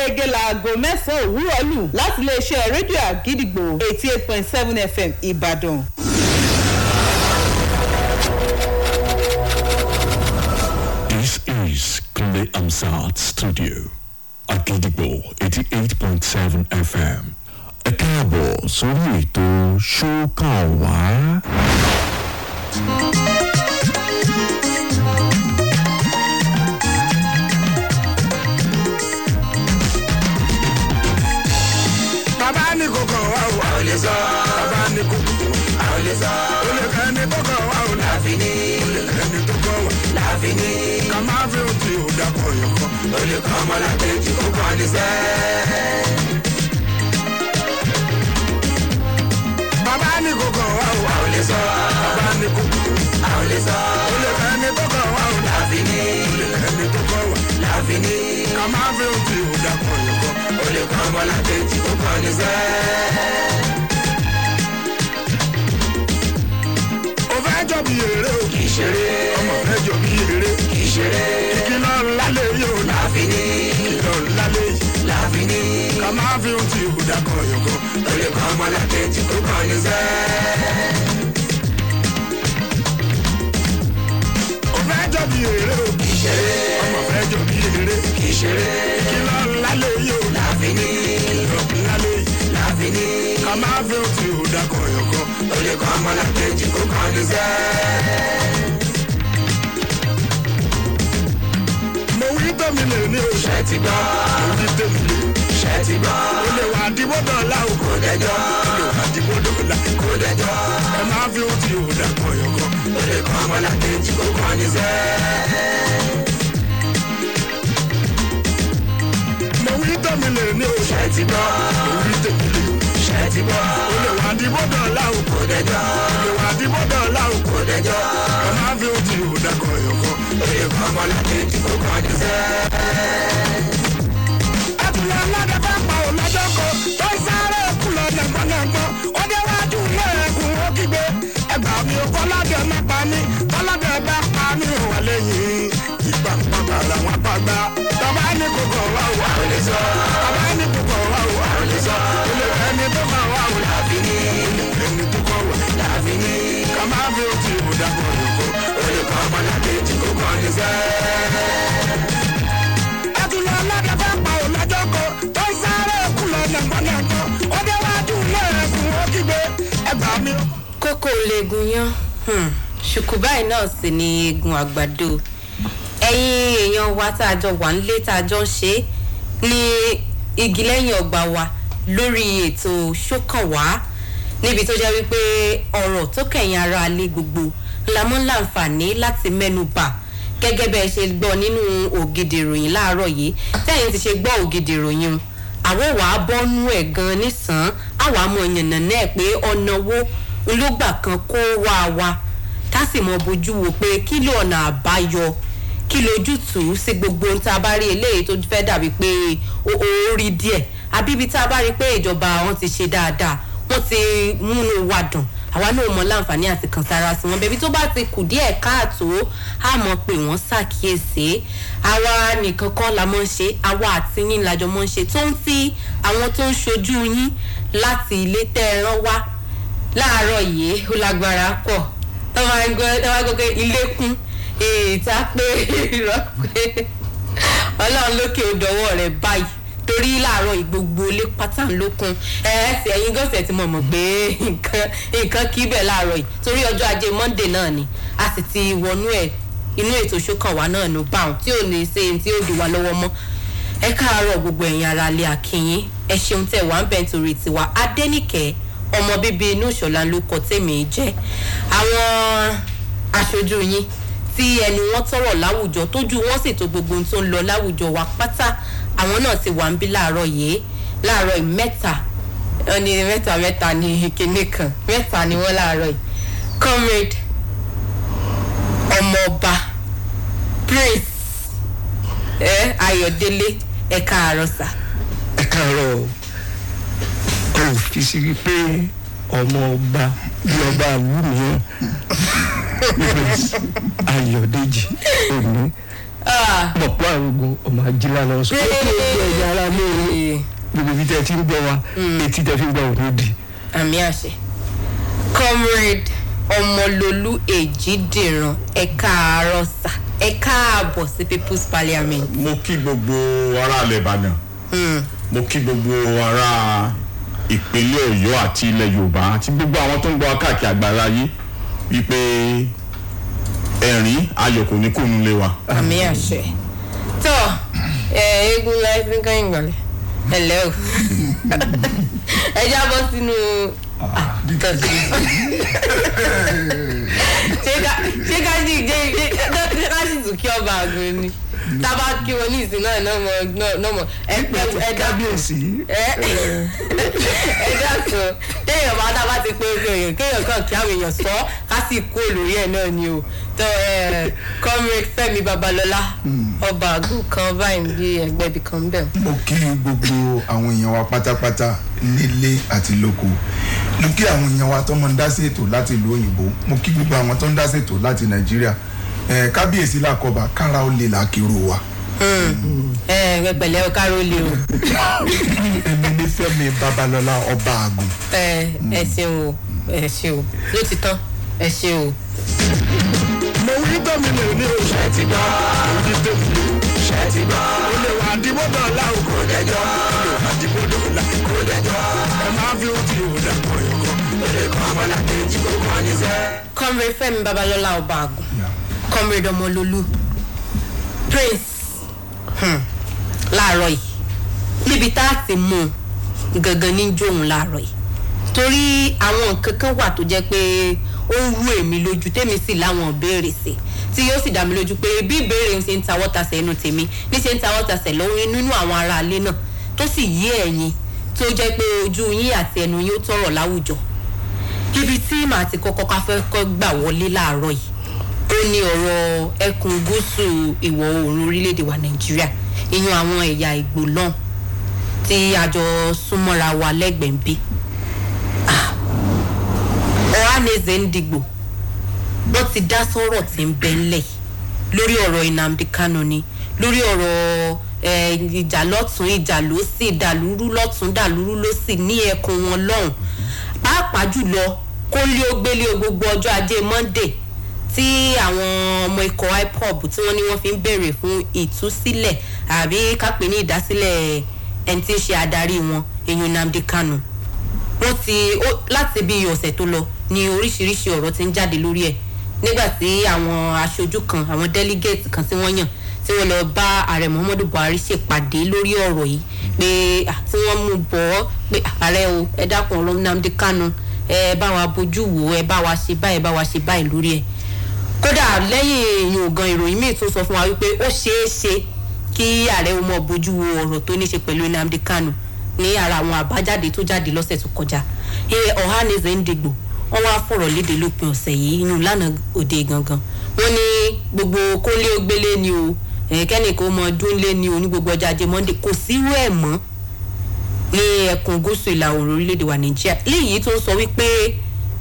gẹ́gẹ́ láago mẹ́sàn-án òwúrọ̀ lù láti iléeṣẹ́ rédíò àgídìgbò eighty eight point seven fm ìbàdàn. This is Kunle Amsat Studio, Akidigbo 88.7 FM. Ẹ káàbọ̀ sórí ètò ṣókàn wá. ní sọ. olùkẹ́ni tó kọ̀ wá o láfi ní. olùkẹ́ni tó kọ̀ wá láfi ní. ká má fi òtí òdàkọ̀ yọkọ. olùkọ́ ọmọlàkejì ó kọ́ ní sẹ́. bàbá ní kòkò wa o. a ò lè sọ. bàbá ní kòkò. a ò lè sọ. o lè fẹ́ ní kòkò wa o. láfi ní. o lè fẹ́ ní kòkò wa. láfi ní. ká má fi òfin òdà kan yìí kọ. o lè kọ́ ọmọ láti ti kókó ní sẹ́ẹ̀. fẹ́ jọ bí eré o. kì í ṣeré. ọmọ fẹ́ jọ bí eré. kì í ṣeré. ìkìlọ̀ ńlá lè yóò láfi ní. ìkìlọ̀ ńlá lè láfi ní. ká máa fi ohun tí ìbùdá kan yọ̀kan. lórí kan ọmọlàkẹ́ tí kò kàn ní sẹ́ẹ̀. jọ bí eré o. kì í ṣeré. ọmọ fẹ́ jọ bí kì í ṣeré. ìkìlọ̀ ńlá lè yóò. láfi ní. ìkìlọ̀ ńlá lè kama vyote udakoyoko olekama na keji kukanize mo wí tèmi lè ní o ṣe ti gbọ́ mo wí tèmi lè ṣe ti gbọ́ o lè wà dìbò dọ́là o kò dẹjọ́ o lè wà dìbò dọ́là kò dẹjọ́ ẹ má fi ó ti ò dàkọ̀yọ̀kọ̀ olekama na keji kukanize. tó mi lè ní o. ṣé ti bọ́. èyí tèmi lè o. ṣé ti bọ́. o lè wà dìbò dọ̀la o. kò dẹjọ́. o lè wà dìbò dọ̀la o. kò dẹjọ́. ẹ máa fi ojú ìwò dàkọ̀ yọkọ. oye kan ọmọ láti ìdìbò kan ní sẹ́. ẹkùnrin aládé fẹ́ pa òun lọ́jọ́ kan tó ń sáré òkú lọ nàgbọ́nàgbọ́n ó déwájú ilé ẹkùn ó kígbe ẹgbà mi ò kọ́ lábẹ́ ọmọ pa mí kọ́ lábẹ́ ọba pa mí ò wà kò legun yan hmm. ṣùkú báyìí náà sì ni eegun àgbàdo ẹ̀yin èèyàn wa tá a jọ wà nílé tá a jọ ń ṣe ní igi lẹ́yìn ọgbà wa lórí ètò ṣókànwá níbi tó jẹ́ wípé ọ̀rọ̀ tó kẹ̀yìn ara lé gbogbo lamọ́ láǹfààní láti mẹ́nu bà gẹ́gẹ́ bẹ́ẹ̀ ṣe gbọ́ nínú ògidì ìròyìn láàárọ̀ yìí tẹ́yìn ti ṣe gbọ́ ògidì ìròyìn àwọn wàá bọ́nú ẹ̀ gan nísàn-án àwọn àmọ̀ ìyànnà náà pé ọ̀nà wo ológbà kan kó wá wa tá sì mọ bójú wo pé kí ló ọ̀nà àbáyọ kí lójútùú sí gbogbo ohun tá a bá rí eléyìí tó fẹ́ dàbí pé ó rí díẹ̀ àbí ibi tá a bá rí pé ìjọba wọn ti ṣe dáadáa wọn ti múnú wa dùn àwa náà mọ láǹfààní àti kan sára sí wọn bẹbí tó bá ti kù díẹ̀ káàtó a mọ̀ pé wọ́n ṣàkíyèsí àwa nìkan kọ́ la mọ̀ ń ṣe àwa àti yín làjọ mọ̀ ń ṣe tó ń ti àwọn tó ń ṣojú yín láti ilé tẹ́ ẹ rán wá láàárọ̀ yìí ó lágbára pọ̀ tó máa ń gbọ́ pé ilé kún èèta pé irọ́ pé ọlọ́run lókè òdòwọ́ rẹ̀ báyìí torí láàárọ̀ gbogbo ilé pátá ló kún ẹ̀ẹ́sì ẹ̀yin gọ́sẹ̀ tí mo mọ̀ pé nǹkan kí bẹ̀ láàárọ̀ yìí torí ọjọ́ ajé monday náà ni a sì ti wọnú ẹ̀ inú ètò ṣókànwá náà ló bá òun tí ò ní ṣe tí ó di wa lọ́wọ́ mọ́ ẹ káàárọ̀ gbogbo ẹ̀yin aráalé akínyín ẹ ṣeun tẹ̀ wá ń bẹ̀ nítorí tiwa adẹ́nìkẹ́ ọmọ bíbí inú ìṣọ̀lá ló kọ tèmi jẹ́ àwọn aṣojú yín tí ẹni wọn tọrọ láwùjọ tójú wọn sì tó gbogbo ohun tó ń lọ láwùjọ wa pátá àwọn náà ti wà ń bí láàárọ yìí láàárọ yìí mẹta ẹni mẹta mẹta ni kinní kan mẹta ni wọn láàárọ yìí comrade ọmọọba prince ẹ ayọdẹlẹ ẹ káàárọ sá. ẹ káàárọ o kò fi sí pé ọmọ ọba bí ọba ìlú mìíràn ayọ̀dèjì èmi pọ̀pọ̀ ah. àrògùn ọmọ ajílá lọ sọ pé gbogbo ẹ̀yà ara lóore gbogbo ibi tẹ́ ti ń gbọ́ wa hmm. etí tẹ́ fi ń gbọ́ òun di. àmì àṣẹ comrade ọmọlólú èjìdìrán ẹ káàárọ̀ sà ẹ sí people's parliament. mo kí gbogbo ará ilẹ̀ hmm. mo kí gbogbo ará ìpínlẹ̀ Ọ̀yọ́ àti ilẹ̀ Yorùbá àti gbogbo àwọn tó ń gbọ́ káàkiri àgbára yìí wípé ẹ̀rín ayọ̀ kò ní kò nu lé wa. àmì àṣẹ tó eégún láì sí kẹ́hìn gbọ̀lẹ̀ ẹ lẹ́ o ẹ jábọ́ sínú ah, ṣé ká ṣe ká sì tún ọba àgbẹ̀ ni tábà kí wọn ní ìsìn náà náà mọ náà mọ ẹ kábíyèsí. ẹ dàtọ̀ téèyàn bá dábàá ti pé ojú èèyàn kéèyàn kàn kí àwọn èèyàn sọ ká sì kó lórí ẹ̀ náà ni o tó comrade Fẹ́mi Babalọ́lá hmm. ọba àgùn kan báyìí bí ẹgbẹ́ ibì kan bẹ̀. mo kí gbogbo àwọn èèyàn wa pátápátá nílé àti lóko mo kí àwọn èèyàn wa tó máa ń dá sí ètò láti ìlú òyìnbó mo kí gbogbo àwọn tó ń dá sí ètò láti Nàìjíríà kábíyèsí làkọ̀bà kára ó lè làkèrò wa. Hmm. ẹ pẹ̀lẹ́ o kára ó lè o. èmi ní Fẹ́mi Babalọ́lá ọba àgùn. ẹ ṣeun o ẹ ṣeun o ló ti tán ẹ ṣeun o. mo wí gómìnà ní o ṣe ti gbọ́ ojú tó fi ṣe ti gbọ́ olè wà dìbò dọ̀la o kò dẹjọ́ olè wà dìbò kò dẹjọ́ ẹ máa fi ojú ìwòdà kọ̀yọ̀kọ̀ olè kọ́ abọ́lá kejì kò kọ́ ní sẹ́. kọ́mrẹ́fẹ́mi Babalọ́lá ọba àgùn comrade ọmọlólú prince hmm, láàárọ̀ yìí níbi tá a ti mú un gangan ní jóun láàárọ̀ yìí torí àwọn nǹkan kan wà tó jẹ́ pé ó ń rú èmi lójú tèmi sì láwọn béèrè sí tí yóò sì dá mi lójú pé bí ìbéèrè ń ṣe ń ta wọ́tasẹ̀ inú tèmi ní ṣe ń ta wọ́tasẹ̀ lọ́wọ́ nínú àwọn aráalé náà tó sì yí ẹ̀yin tó jẹ́ pé ojú yín àti ẹnu yín ó tọrọ láwùjọ ibi tí màá ti kọ́kọ́ káfẹ́ kọ́ gbà wọlé láàárọ̀ yìí ó ní ọ̀rọ̀ ẹkùn gúúsù ìwọ̀ oòrùn orílẹ̀-èdè wa nàìjíríà ìyún àwọn ẹ̀yà ìgbò náà tí a súnmọ́ra wa lẹ́gbẹ̀ẹ́ ń bí ọ̀hánẹ́sẹ̀ ń dìgbò wọ́n ti dá sọ́rọ̀ tí ń bẹ́ ńlẹ̀ lórí ọ̀rọ̀ ìnàmdí kánò ni lórí ọ̀rọ̀ ìjà lọ́tún ìjà lósì dàlúrú lọ́tún dàlúrú lósì ní ẹkùn wọn lọ́hùn pàápàá jùlọ kó lé ó gbélé gbogbo ọjọ́ ajé monday tí àwọn ọmọ ikọ̀ ipob tí wọ́n ní wọ́n fi ń béèrè fún ìtúsílẹ̀ àbí kápẹ́ ní ìdásílẹ̀ ẹni tí ń ṣe adarí wọn èyí nnamdi kanu wọ́n ti láti bíi ọ̀sẹ̀ tó lọ ni oríṣiríṣi ọ̀rọ̀ ti ń jáde lórí ẹ̀ nígbà tí àwọn aṣojú kan àwọn delegate kan tí wọ́n yàn tí wọ́n lọ bá ààrẹ muhammadu buhari ṣèpàdé lórí ọ̀rọ̀ yìí pé tí wọ́n mú bọ́ pé ààrẹ o ẹ dákun ọlọ́run kanu ẹ bá wa bójú wò ẹ bá wa ṣe báyìí bá wa ṣe báyìí lórí ẹ̀ kódà lẹ́yìn yòògan ìròyìn míì tó sọ fún wa wípé ó ṣeé ṣe kí ààrẹ ọmọ bójú wo ọ̀rọ̀ tó ní ṣe pẹ̀lú nnamdi kanu ní ara àwọn àbájáde tó jáde lọ́sẹ̀ tó kọjá ọ̀hánẹ̀sẹ̀ ń dìgbò wọ́n wá fọ̀rọ̀ léde lópin ọ̀sẹ̀ yìí inú lánàá òde gangan wọ́n ní gbogbo kólé ògbélé ni o kẹ́nì kó mọ dúnlé ni o ní gbogbo ọjà ajé monde kò síwú ẹ̀ mọ́ ní ẹkùn gúúsù ìlà oòrùn orílẹ̀-èdè wa nàìjíríà léyìí tó ń sọ wípé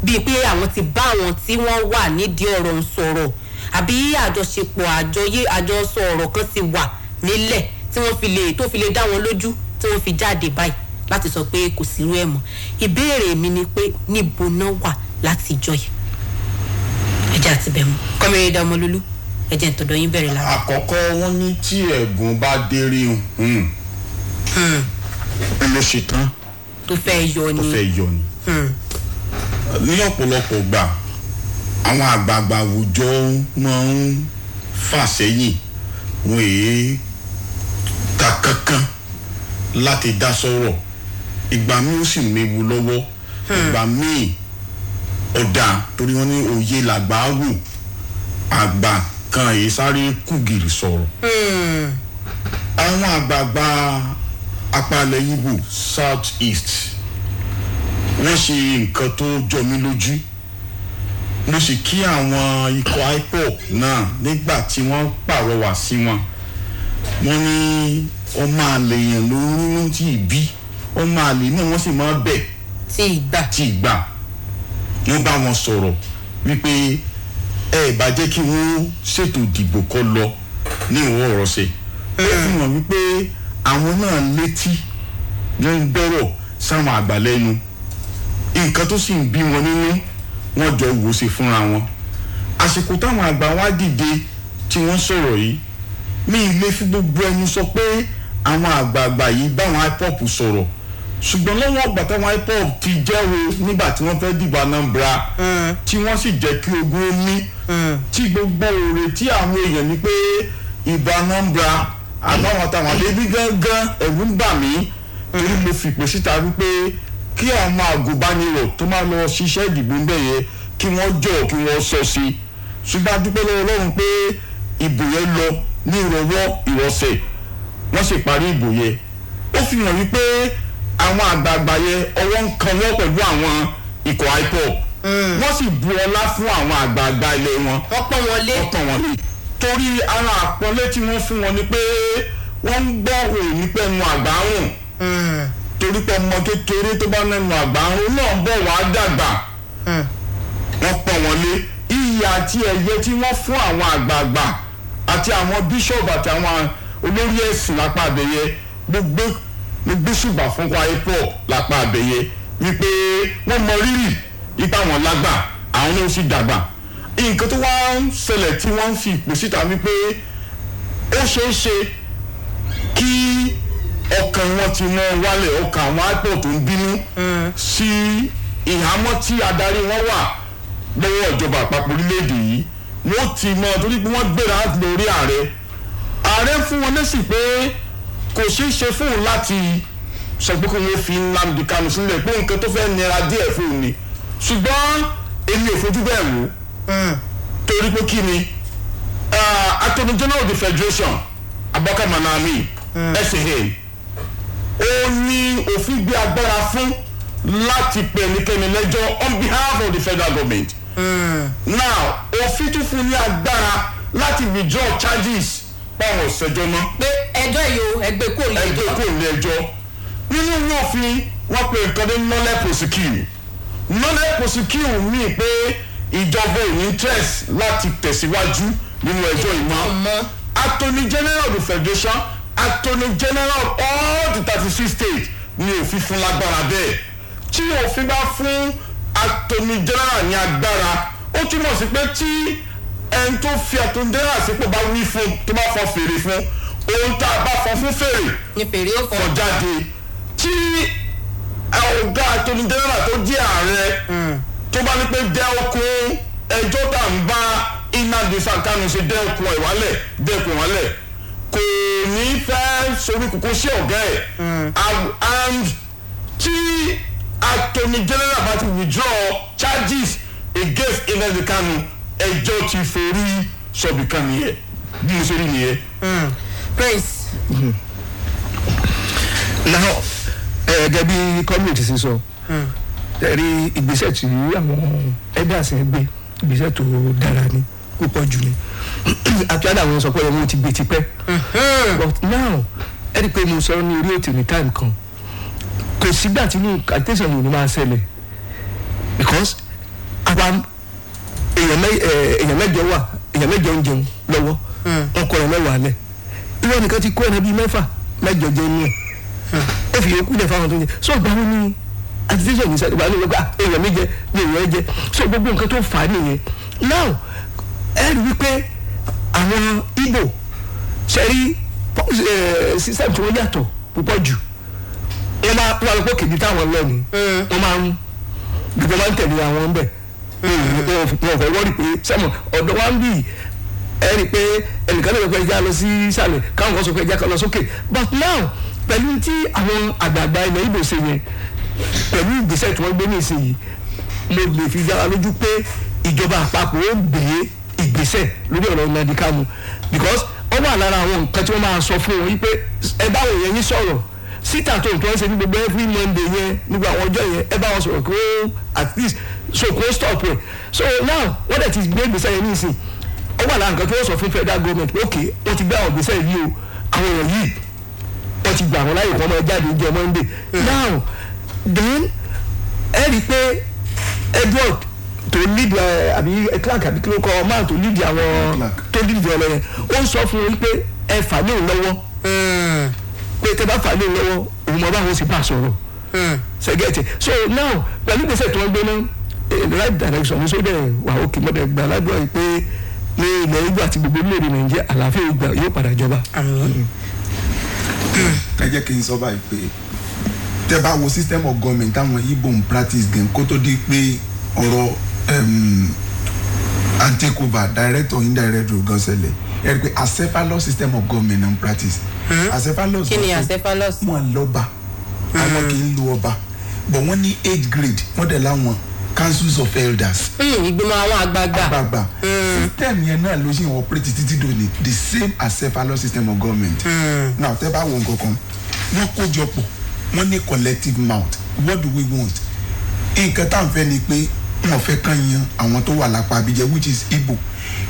bíi pé àwọn ti bá àwọn tí wọ́n wà nídìí ọ̀rọ̀ ń sọ̀rọ̀ àbí àjọṣepọ̀ àjọyé àjọsọ ọ̀rọ̀ kan ti wà nílẹ̀ tí wọ́n fi lè tó fi lè dá wọn lójú tí wọ́n fi jáde báyìí láti sọ pé kò sírú ẹ̀ mọ́ ìbéèrè mi ni pé níbo náà wà láti ìjọ yìí ẹjẹ àti bẹ̀rù kọ́mẹ́rẹ́ dá ọmọlúlú ẹjẹ ìtọ́dọ̀ yín bẹ̀rẹ̀ lára. àkọ́kọ́ wọn ní tí ẹ̀gùn bá dérè hùn ló ṣe tán tó fẹ́ yọ ni ní ọ̀pọ̀lọpọ̀ gbà àwọn àgbààgbà àwùjọ máa ń fà sẹ́yìn wọn èé ka kankan láti dá sọ̀rọ̀ ìgbà míì ó sì méwu lọ́wọ́ hmm. ìgbà míì ọ̀dà torí wọn ní òye làgbà wù àgbà kan èyí sáré kùgìrì sọ̀rọ̀ hmm. àwọn àgbààgbà apalẹ̀ Ìgbò south east wọ́n ṣe nǹkan tó jọ mí lójú mo sì kí àwọn ikọ̀ IPOB náà nígbà tí wọ́n pàrọwà sí wọn wọ́n ní ó máa lè yàn lóró tí ì bí ó máa lè náà wọ́n sì máa bẹ̀ tí ì gbà tí ì gbà wọ́n bá wọn sọ̀rọ̀ wípé ẹ bá jẹ́ kí wọ́n ṣètò ìdìbò kó lọ ní ìwọ ọ̀rọ̀ ṣe ó fi hàn wípé àwọn náà létí ló ń gbọ́rọ̀ sáwọn àgbà lẹ́nu nǹkan tó sì ń bí wọn nínú wọn jọ wò ṣe fúnra wọn àsìkò táwọn àgbà wa dìde tí wọ́n sọ̀rọ̀ yìí mi ilé fi gbogbo ẹnu sọ pé àwọn àgbààgbà yìí báwọn IPOB sọ̀rọ̀ ṣùgbọ́n lọ́wọ́ ọgbà táwọn IPOB ti jẹ́wọ́ nígbà tí wọ́n fẹ́ dìbò Anambra mm. tí wọ́n sì jẹ́ kí ogun ó ní mm. tí gbogbo òòrè tí àwọn èèyàn ní pé ìbò Anambra àbáwọn táwọn àbẹ́bí gángan ẹ̀rù ń bà mí torí mo fìpè síta wípé kí àwọn àgùnbánirò tó máa lọ ṣiṣẹ́ ìdìbò ń bẹ̀yẹ kí wọ́n jọ kí wọ́n sọ sí i ṣùgbọ́n adúpẹ́ lọ́wọ́ Ọlọ́run pé ìbò yẹn lọ ní ìrọwọ́ ìrọsẹ̀ wọ́n sì parí ìbò yẹn ó fi hàn wípé àwọn àgbààgbà yẹn ọwọ́ ń kan wọ́n pẹ̀lú àwọn ikọ̀ IPOB hmm. wọ́n sì bu ọlá fún àwọn àgbààgbà ilé wọn ọ̀pọ̀ wọn lé ọ̀pọ̀ wọn lé torí ara àpọ́nlé tí wọ́n fún wọn ni pé wọ́n ń gbọ́ òní pẹ̀lú àgbáhùn torí pé ọmọ kékeré tó bá nẹnu àgbà ń náà bọ̀ wá dàgbà hmm. wọ́n pọ̀ wọ́n lé iyì àti ẹ̀yẹ tí wọ́n fún àwọn àgbààgbà àti àwọn bíṣọ̀bù àti àwọn olórí ẹ̀sìn lápá àbẹ̀yẹ gbogbo gbogbo ṣùgbà fún kwai pọ̀ lápá àbẹ̀yẹ wípé wọ́n mọ rírì ipa wọn lágbà àwọn ló ń sì dàgbà nǹkan tó wá ń ṣẹlẹ̀ tí wọ́n ń fi ìpè síta wípé ó ṣeé ṣe kí ọkàn wọn ti mọ wálẹ̀ ọkàn àwọn àìpọ̀ tó ń bínú hmm. sí ìhámọ́ tí adarí wọn wà lọ́wọ́ ìjọba àpapọ̀ orílẹ̀-èdè yìí wọ́n ti mọ torí pé wọ́n gbéra lórí ààrẹ ààrẹ fún wọn lẹ́sìn pé kò ṣeé ṣe fún òun láti sọ pé kò ní fi Nnamdi Kanu sílẹ̀ pé nǹkan tó fẹ́ nira díẹ̀ fún òun ni ṣùgbọ́n èmi ò fojú bẹ́ẹ̀ wò hmm. torí pé kí ni ah, Attorney General of the Federation Abubakar Malami ẹsẹ̀ hmm. hẹ́ẹ̀ ó ní òfin gbé agbára fún láti pè ẹnikẹ́ni lẹ́jọ́ on behalf of the federal government. Mm. now òfin tún fún ní agbára láti withdraw charges pàwọn ìṣẹ́jọ́ náà. pé ẹjọ́ yìí o ẹgbẹ́ kò lè ẹjọ́. ẹgbẹ́ kò lè ẹjọ́ nínú ìwé òfin wọ́n pe nǹkan ní nọ́lẹ̀ prosecute nọ́lẹ̀ prosecute mi pé ìjọba ò ní interest láti tẹ̀síwájú nínú ẹjọ́ ìmọ̀ attorney general of the federation attorney general of all the thirty six states ni òfin fún lágbára bẹ́ẹ̀ tí òfin bá fún attorney general ní agbára ó túmọ̀ sí pé tí ẹni tó fi attorney general sípò bá wí fún tó bá fọ fèrè fún ohun tá a bá fọ fún fèrè fọ jáde tí ọ̀gá attorney general tó jẹ́ ààrẹ hmm. tó bá ní pé jẹ́ okun ẹjọ́ tá à ń bá iná di sankanu ṣe dẹ́kun ìwálẹ̀ dẹ́kun ìwálẹ̀ ní fẹ́ sori kókó sí ọ̀gá ẹ̀ hmm. and tí attorney general bá ti withdraw charges against nnamdi kanu ẹjọ́ ti forí sọ̀bì kanu yẹ bí mo ṣe rí nìyẹn. Hmm. praise. Hmm. now gẹ́gẹ́ bí community ṣe sọ ẹ̀rí ìgbésẹ̀ tí àwọn ẹ̀dá ṣe gbé ìgbésẹ̀ tó dára ní púpọ̀ jù ni actually àwọn sọ pé wọn ti gbé tipẹ́ but now ẹ rí i pé mo sọ ní orí ètò ní time kan kò sígbà tí inú agitation yìí ni máa ṣẹlẹ̀ because àwa èèyàn mẹ́jọ wà èèyàn mẹ́jọ ń jẹun lọ́wọ́ hmm. wọn kọ ẹ̀yàn mẹ́wàá lẹ̀ irọ́ nìkan ti kó ẹ̀yàn bíi mẹ́fà mẹ́jọ jẹ inú ẹ̀ hmm. ẹ fi yòókù lẹ̀ fáwọn tó ń jẹ so gbàgbọ́ ni agitation yìí sẹ́yìn ìbálòpọ̀ gba èèyàn méje ni èèyàn jẹ so gbogbo nǹkan tó fà á nìyẹn now ẹ rí i pé àwọn Ìgbò ṣẹ́rí eh, system tí wọ́n yàtọ̀ púpọ̀ jù wọ́n máa wọ́n lọ pé kìdí táwọn lọ ni mm. wọ́n máa ń gbogbo máa ń tẹ̀lé àwọn ń bẹ̀ mm. wọ́n fẹ́ wọ́n rí pé sẹ́mọ̀ ọ̀dọ̀ wa ń bì ẹ rí pé ẹnìkan lè pẹ́ já lọ sí ìsàlẹ̀ káwọn kan sọ pé já lọ sókè but now pẹ̀lú tí àwọn àgbààgbà ilẹ̀ Ìgbò ṣe yẹn pẹ̀lú ìgbésẹ̀ tí wọ́n gbé ní ìsinyìí mo lè fi dára lójú pé ìjọba àpapọ̀ ó gbé ìgbésẹ̀ lórí ọ̀rọ̀ nàdíkà mu because ó wà lára àwọn nǹkan tí wọ́n máa sọ fún wọn wípé ẹ bá wòye yín sọ̀rọ̀ síta tó nǹkan ṣe ní gbogbo every monday yẹn nígbà àwọn ọjọ́ yẹn ẹ bá wọn sọ̀rọ̀ kí wọ́n at least so kò stop ẹ̀ so now wọ́n dẹ̀ ti gbé ìgbésẹ̀ yẹn nísìn ó wà lára nǹkan tí wọ́n sọ fún federal government ok wọ́n ti gbé àwọn ìgbésẹ̀ yìí o àwọn èèyàn yìí wọ́n ti gbà wọ́n láyè kọ́ ọmọ ẹ jáde jẹ monday hmm. now then ẹ rí i pé edward tó lead eh, àbí eh, clerk àbí kí kọ ọmọ àti tó lead àwọn tó lead ọlọ yẹn ó sọ fún un ẹ fà lóun lọ́wọ́ hmm. pé tẹ bá fà lóun lọ́wọ́ òun mọ báwọn sì bá sọ̀rọ̀ sẹgẹtì hmm. so now pẹ̀lú ìgbésẹ̀ tí wọ́n gbé náà eh, right direction so dẹ̀ wà ó kì í mọ̀dẹ̀ gbà lágbó yìí pé ní ilẹ̀ igbó àti gbogbo orílẹ̀-èdè nàìjíríà àlàáfíà ìgbà yóò padà jọba. Hmm. ẹ jẹ́ kí n sọ báyìí pé tẹ́ bá wo system of government táwọn ibo ń practice gan kó tó di pé ọ̀rọ̀ um, and take over direct or indirect rule gan ṣẹlẹ̀ ẹ rí i pé acephalous system of government and practice. Mm. acephalous kí ni acephalous. wọn lọba àwọn kì í lu ọba but wọn ní eight grade wọn dẹ̀ láwọn councils of elders. Hmm, ìgbìmọ̀ àwọn àgbààgbà. àgbààgbà hmm. system yẹn náà ló ṣe ń operate títí dòní the same acephalous system of government. Mm. now tẹ́ bá wo nǹkan kan wọ́n kó jọ pọ̀ wọ́n ní collective mouth what do we want nǹkan tá à ń fẹ́ ni pé wọn fẹ́ kàn yan àwọn tó wà lápá abijẹ which is Igbo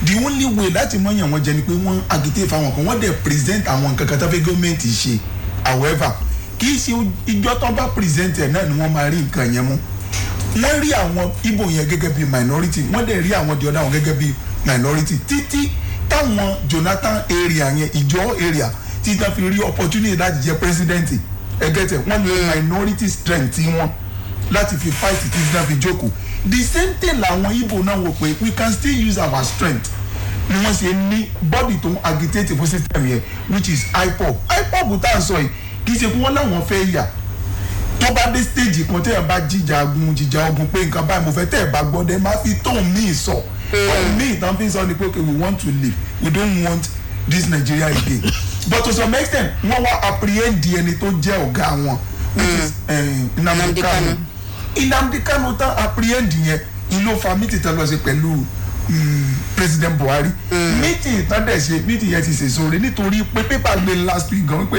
the only way láti mọ yàn wọn jẹ ni pé wọn agitate fáwọn kan wọn dẹ̀ present àwọn nǹkan kan tó fẹ́ gọ́ọ̀mẹ̀ntì ṣe however kì í ṣe ìjọ tó bá present ẹ̀ náà ni wọ́n máa rí nǹkan yẹn mú wọ́n rí àwọn Igbo yẹn gẹ́gẹ́ bí minority wọ́n dẹ̀ rí àwọn diọ́dá wọn gẹ́gẹ́ bí minority títí táwọn Jonathan area yẹn ìjọ area tí ta fi rí opportunity láti jẹ president ẹgẹtẹ wọ́n lo minority strength wọn láti fi fight títí ta fi jókòó the same thing làwọn Igbo náà wò pé we can still use our strength ni wọ́n ṣe ní body tó ń agitate fún system yẹn which is IPOB IPOB tá à ń sọ yìí kì í ṣe kí wọ́n láwọn fẹ́ yà tó bá dé stage kan tẹ́ ẹ bá jíjà ogun jíjà ogun pé nǹkan báyìí mo fẹ́ tẹ́ ẹ bá gbọ́ máa fi tóun míì sọ tóun míì tán fi sọ ni pé okay we want to live we don't want this Nigeria again but to some extent wọ́n wá apprehend ẹni tó jẹ́ ọ̀gá wọn which is eh, Nnamdi Kanu Nnamdi Kanu tán apprehend yẹn ìlú fa meeting tán lọ sí pẹ̀lú mm, president Buhari eh. meeting tán dẹ̀ ṣe meeting yẹn ti ṣe sóore nítorí pé paper gbé last week gan pé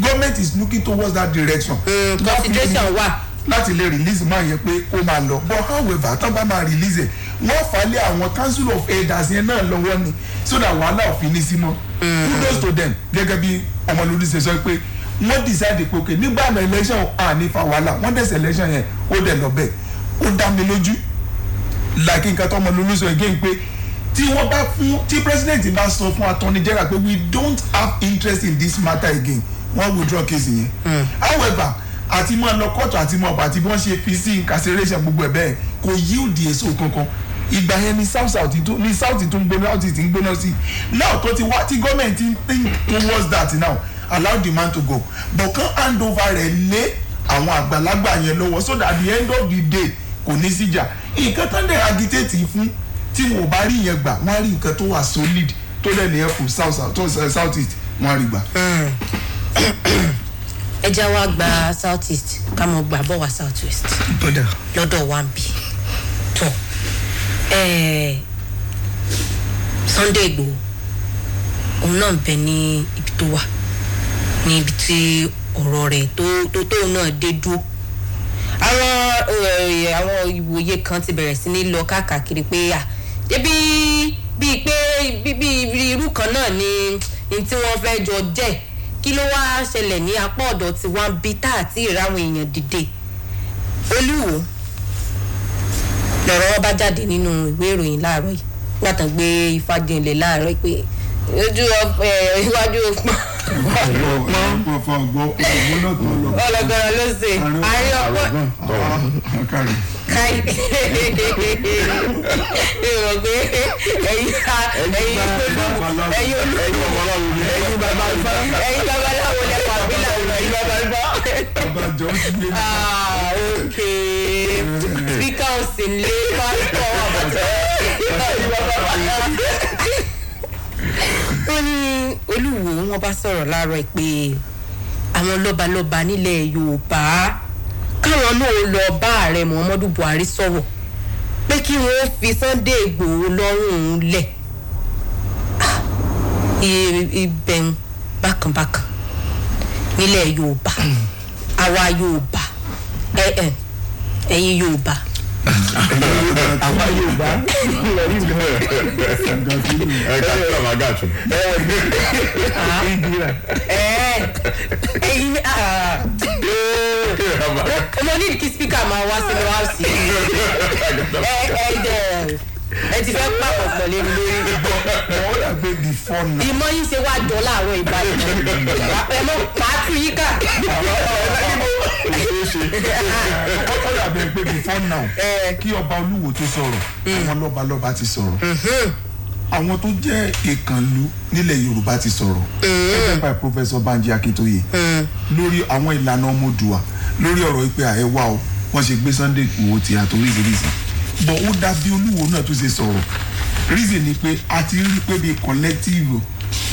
government is looking towards that direction. Eh, consideration wa láti lè release máa yẹ pé kó máa lọ but however tán bá máa release ẹ̀ wọ́n falẹ̀ àwọn council of elders yẹn náà lọ́wọ́ ni so that wàhálà ò fi ní sí mọ́ eh. kudos to them gẹ́gẹ́ bí ọmọlúdí ṣe sọ pé ló decide pé ok nígbà àmì election àní fa wàhálà wọ́n dẹ̀ sẹ̀ election yẹn ó dẹ̀ lọ bẹ́ẹ̀ ó dá mi lójú like nǹkan tó ọmọ lulú again pé tí wọ́n bá fún tí president bá sọ fún attorney general pé we don't have interest in this matter again wọ́n withdraw case yẹn. Mm. however àti máa lọ kóòtù àti máa bàtí bí wọ́n ṣe fi sí incarceration gbogbo ẹ̀ bẹ́ẹ̀ kò yield èso kankan ìgbà yẹn ni south south tó ni south tó ń gbóná ọtí tí ń gbóná sí now tó ti wá tí gọ́ọ̀mẹ̀ntì think towards that now allow the man to go but kán hand over rẹ̀ lé àwọn àgbàlagbà yẹn lọ́wọ́ so that at the end of the day kò ní síjà nǹkan tán dẹ̀ agitate fún tí wọn ò bá rí yẹn gbà wọn á rí nǹkan tó wà solid tó dẹ̀ ní ẹ̀kú south south eh, south east wọn á rí gbà. ẹ já wa gba south east ká mọ gbà bọ̀ wá south west lọ́dọ̀ wa ń bì tọ̀ Sunday Igboho òun náà bẹ ní ibi tó wà níbi tí ọ̀rọ̀ rẹ̀ tó tóun náà dé dúró àwọn eh, àwọn ìwòye kan ti bẹ̀rẹ̀ sí ní lọ káàkiri pé à débi bíi pé bíi irú kan náà ni ní tí wọ́n fẹ́ jọ jẹ́ kí ló wá ṣẹlẹ̀ ní apá ọ̀dọ̀ tí wọ́n bí tá àti ìráwọn èèyàn dìde olúwo lọ́rọ̀ bá jáde nínú ìwé ìròyìn láàárọ̀ yìí látàn gbé ìfagẹ̀lẹ̀ láàárọ̀ pé ojú eh, iwájú ọpọ́n ọ̀fọ̀ ọlọgọrọ ló ṣe àárín ọpọ káyì èrò pé ẹyin ẹyin olú ẹyin olú ẹyin babaláwo ẹyin babaláwo ti ah, lé. ok spika òsì ń lé pásítọ̀ àbàjọ ẹyin babaláwo ó ní olúwo wọn bá sọ̀rọ̀ láàárọ̀ pé àwọn lọ́balọ́ba nílẹ̀ yorùbá káwọn náà lọ bá ààrẹ muhammadu buhari sọ̀rọ̀ pé kí wọ́n fi sunday igbòho lọ́rùn lẹ̀ ah, ibẹ̀hún bákànbákàn nílẹ̀ yorùbá àwa yorùbá ẹ̀ẹ́n ẹ̀yin yorùbá Avaiuba. É. No need to speak about what's in the house. É, é, é. ẹ ti fẹ́ pa ọ̀pọ̀ lérí lórí. ìwọ ọ̀dà gbé bí fọ́ọ̀nù. ìmọ̀ yín ṣe wá jọ láàárọ̀ ìbàdàn. ẹ mọ pàtó yìí kà. ọkọ yà bẹ pé before now kí ọba olúwo tó sọ̀rọ̀ àwọn lọ́balọ́ba ti sọ̀rọ̀ àwọn tó jẹ́ ìkànnlú nílẹ̀ yorùbá ti sọ̀rọ̀ ẹgbẹ́ by professor banji akintoye lórí àwọn ìlànà ọmọdùwà lórí ọ̀rọ̀ ìpè àẹwà o wọ́n ṣe gbé sunday ìwò tí àtòrí ìrísí but ó dá bí olúwo náà tó ṣe sọ̀rọ̀ reason ni pé a ti rí pé bí collective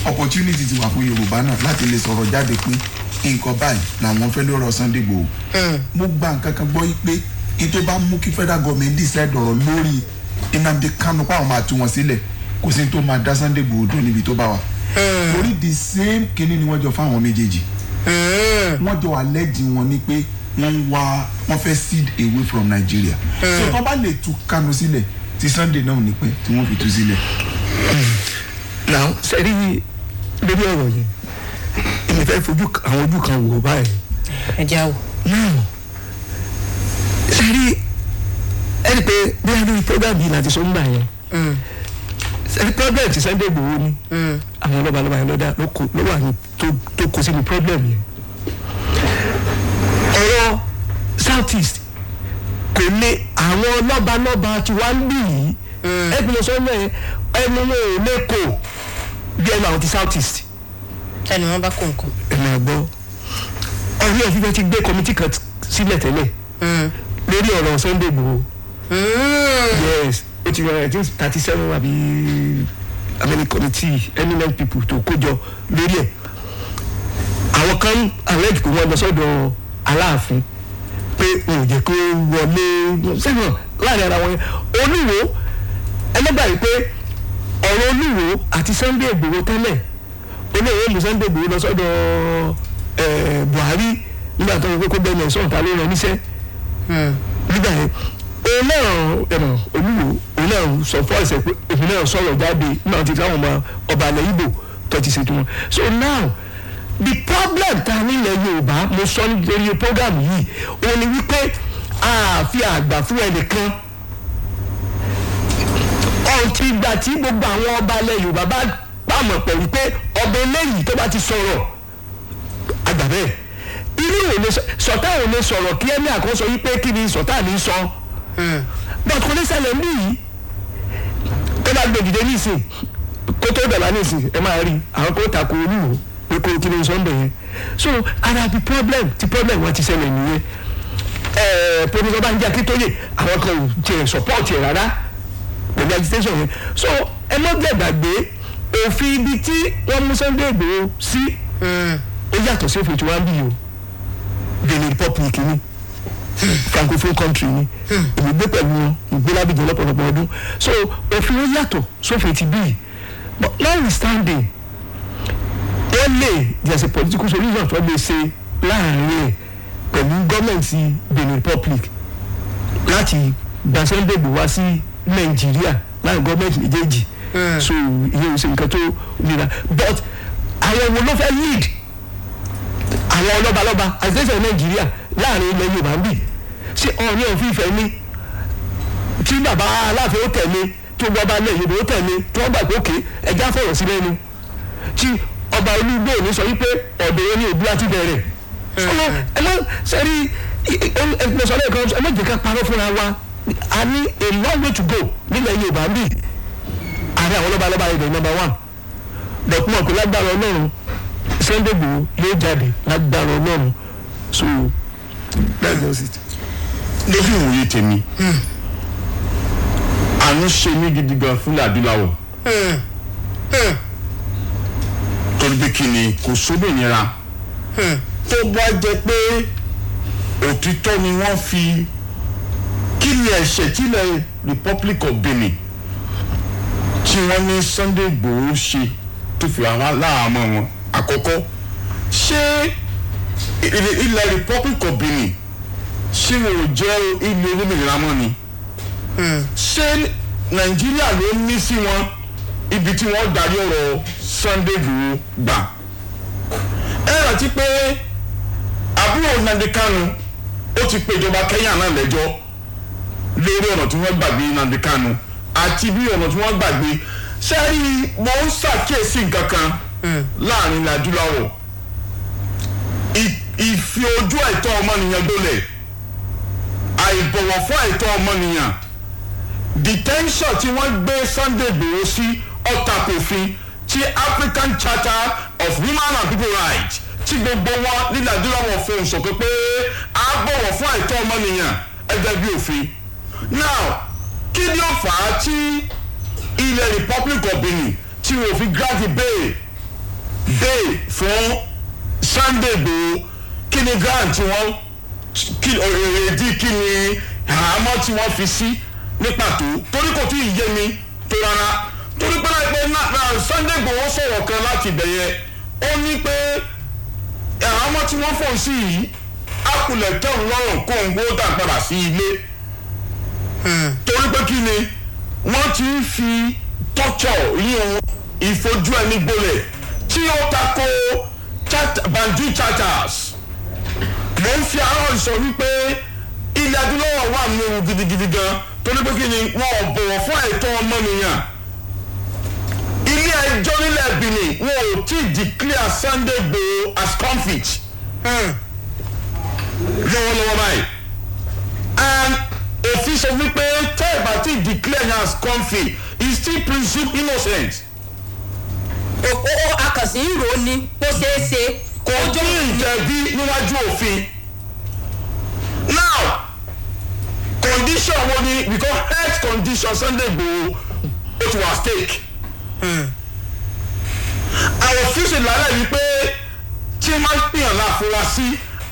opportunity ti wà fún yorùbá náà láti lè sọ̀rọ̀ jáde pé nǹkan báyìí làwọn fẹ́ lọ́rọ̀ Sunday Igboho. Hmm. mo gba nǹkan kan gbọ́ yí pé ní tó bá mú kí federal government decide ọ̀rọ̀ lórí Nnamdi Kanu pàwọn máa tú wọn sílẹ̀ kò sí tó máa dá Sunday Igboho dùn níbi tó bá wà. lórí hmm. the same kinní ni wọ́n jọ fáwọn méjèèjì. Hmm. wọ́n jọ àlẹ́jì wọn ni pé wọ́n wá wọ́n fẹ́ seed away from Nigeria hmm. so tó bá lè tú Kanu sílẹ̀ ti Sunday náà ní pẹ́ tí wọ́n fi tú sílẹ̀. Hmm. now sẹ́ni lórí ọ̀rọ̀ yẹn èmi fẹ́ fojú àwọn ojú kan wò báyìí. ẹ jẹ́ àwọ̀. now sẹ́ni ẹni pé bí a lórí program yìí láti sọ ń gbà yẹn sẹ́ni problem ti Sunday Igboho ni hmm. àwọn lọ́balọ́ba yẹn ló wà ní tó kó sínú problem yẹn south east kò lè àwọn lọ́balọ́ba tí wàá ń lù yìí mm. ẹgbẹ́ sọ náà ẹnu wọn ò lè kó bí ẹnu àwọn ti southeast. east. ẹnu wọn bá kó nǹkan. ẹnu ẹgbọ́ ọ̀rẹ́ ẹ̀ fífẹ́ ti gbé kọ́mítì kan sílẹ̀ tẹ́lẹ̀ mm. lórí ọ̀rọ̀ sunday gbòó. Mm. yes o ti rọrùn ẹ̀ tí thirty seven àbí amẹ́ni kọ́mítì ẹni nine people tó kójọ lórí ẹ̀ àwọn kan alẹ́ ìdìbò wọn lọ sọ́dọ̀ aláàfin pé o ò jẹ́ wọlé sẹ́wọ̀n láàrin ara wọn yẹn olúwo ẹlẹ́gbàá pé ọ̀rọ̀ olúwo àti Sunday Ìgbòho tẹ́lẹ̀ olóòwò mú Sunday Ìgbòho lọ sọ́dọ̀ Buhari nígbà tó ń kókó bẹ́ẹ̀ sọ̀rọ̀ ta ló rán níṣẹ́ hmm. nígbà yẹn òun náà ẹ̀nà sọ fọ́ ẹ̀sẹ̀ pé òun sọ̀rọ̀ jáde náà ti káwọn ọba ilẹ̀ Ìgbò tó ti ṣètò wọn so now the problem ta nílẹ̀ yorùbá mo sọ nítorí program yìí òun ni wípé àfi àgbà fún ẹnìkan ọ̀tí ìgbà tí gbogbo àwọn ọba ilẹ̀ yorùbá bá pàmò pẹ̀lú pé ọba eléyìí tó bá ti sọ̀rọ̀ àgbà bẹ́ẹ̀ irú òní sọ̀tà òní sọ̀rọ̀ kí ẹ̀mí àkọ́sọ yìí pé kí ni sọ̀tà ní sọ hmm. but kò ní ṣẹlẹ̀ ní yìí tó bá gbèdìde ní ìsìn kó tó dọ̀là ní ìsìn ẹ máa rí àwọn kó takò olúwo èkó kí ni sọ ń yẹn so ara bi problem ti problem wọn ti ṣẹlẹ̀ nìyẹn ẹ̀ẹ́ pẹ̀lú Babájídé Akíntóyè àwọn kan ò tiẹ̀ support ẹ̀ rárá pẹ̀lú agitation yẹn so ẹ má gbàgbé òfin ibi tí wọ́n mú Sunday Igboho sí ó yàtọ̀ sí òfin tí wọ́n á bí o Benin Republic ni francophone country ni èmi gbé pẹ̀lú wọn ìgbé lábìjẹ́ lọ́pọ̀lọpọ̀ ọdún so òfin ó yàtọ̀ sófin ti bí yìí but notwithstanding wọ́n lè there's a political solution tó lè ṣe láàrin rẹ̀ pẹ̀lú gọ́ọ̀mẹ̀ntì Benin Republic láti gba Sunday Igboho wá sí Nàìjíríà láàrin gọ́ọ̀mẹ̀ntì méjèèjì hmm. so ìyẹn ò ṣe nǹkan tó nira but àwọn wo ló fẹ́ lead àwọn ọlọ́balọ́ba àtẹ̀sẹ̀ Nàìjíríà láàrin ilẹ̀ Yorùbá ń bì ṣé ọ̀rẹ́ òfin ìfẹ́ ní tí bàbá Aláàfin ó tẹ̀lé tó gbọ́ bá lẹ̀ Yorùbá ó tẹ̀lé tí wọ́n gbà pé òkè ẹja fọ̀rọ̀ sí lẹ́nu tí ọba olúgbò ní sọ wípé ọ̀dọ̀ yẹn ní ìbú láti bẹ̀rẹ̀ ṣọlọ ẹ má sẹ́rí ẹgbẹ́sọ̀ lẹ́ẹ̀kan ẹ má jẹ́ ká parọ́ fúnra wa a ní a long way to go nílẹ̀ Yorùbá bíi ààrẹ àwọn ọlọ́ba ọlọ́ba ibẹ̀ number one dọ̀kúnmọ̀ pé lágbára Ọlọ́run Sunday Igboho yóò jáde lágbára Ọlọ́run so that's just it. lójú ìwòye tèmi hmm. àánú ṣe mí gidi gan fúnlẹ̀ adúláwọ̀. Hmm. Hmm nítorí bí kíni kò sóbìnira hmm. tó bá jẹ́ pé òtítọ́ ni wọ́n fi kílẹ̀ ẹ̀ṣẹ̀ kílẹ̀ Republic of Benin tí wọ́n ní Sunday Igboho ṣe tó fi àwọn aláàmọ́ wọn àkọ́kọ́ ṣé ilẹ̀ Republic of Benin ṣé wọn ò jẹ́ ilé olómìnira mọ́ ni hmm. ṣé Nàìjíríà ló ní sí wọn. Hmm ibi tí wọ́n darí ọ̀rọ̀ Sunday Igboho gbà ẹ rántí pé àbúrò Nnamdi Kanu ó ti pe ìjọba Kenya náà lẹ́jọ́ lórí ọ̀nà tí wọ́n gbàgbé Nnamdi Kanu àti bí ọ̀nà tí wọ́n gbàgbé sẹ́rí mo ń ṣàkíyèsí nǹkan kan hmm. láàrin adúláwọ̀ ìfi ojú ẹ̀tọ́ ọmọnìyàn dólẹ̀ àìbọ̀wọ̀ fún ẹ̀tọ́ ọmọnìyàn detention tí wọ́n gbé Sunday Igboho sí. Si, ọ̀tàkùnfin ti african charter of women and people rights tí gbogbo wọn nílẹ̀ adúláwọ̀ fohùn sọ pé a bọ̀wọ̀ fún àìtọ́ ọmọnìyàn ẹgbẹ́ bí òfin. now kí ni ó fà á tí ilẹ̀ republic of benin tí wọ́n fi gíráàfì bẹ́ẹ̀ bẹ́ẹ̀ fún sunday gbòó kí ni grant wọn èrèdí eh, eh, kí ni àhámọ́ tí wọ́n fi sí ní pàtó torí kò tí ì yé mi tó rárá torí pé láìpẹ́ náà Sunday Igboho sọ̀rọ̀ kan láti bẹ̀yẹ ó ní pé àwọn ọmọ tí wọ́n fò sí yìí akulẹ̀ tẹ̀hún lọ́rùn kó ń wó dà padà sí ilé hmm. torí pé kí ni wọ́n ti ń fi tọ́jọ̀ yíyan ìfojú ẹni gbolẹ̀ tí ó tako bandu charters mò ń fi àárọ̀ sọ wípé ilẹ̀ adúláwọ̀ wà ní ewu gidigidi gan torí pé kí ni wọn ò bọ̀wọ̀ fún ẹ̀tọ́ ọmọnìyàn ilé ẹjọ́ nílẹ̀ benin wọn ò tí ì declare sunday gbòó as conflict. Hmm. lọ́wọ́lọ́wọ́ báyìí and òfin sọ wípé tẹ́ ẹ̀ bá ti declare yẹn as conflict. he still presume innocent. ó akànṣe ìró ni ó ṣeé ṣe. kò tí ì jẹ̀bi níwájú òfin now condition wo ni because health condition sunday gbòó ó ti wà stake. Hmm. àwọn fíṣì lálẹ́ yìí pé tí wọ́n pìyàn láfurasí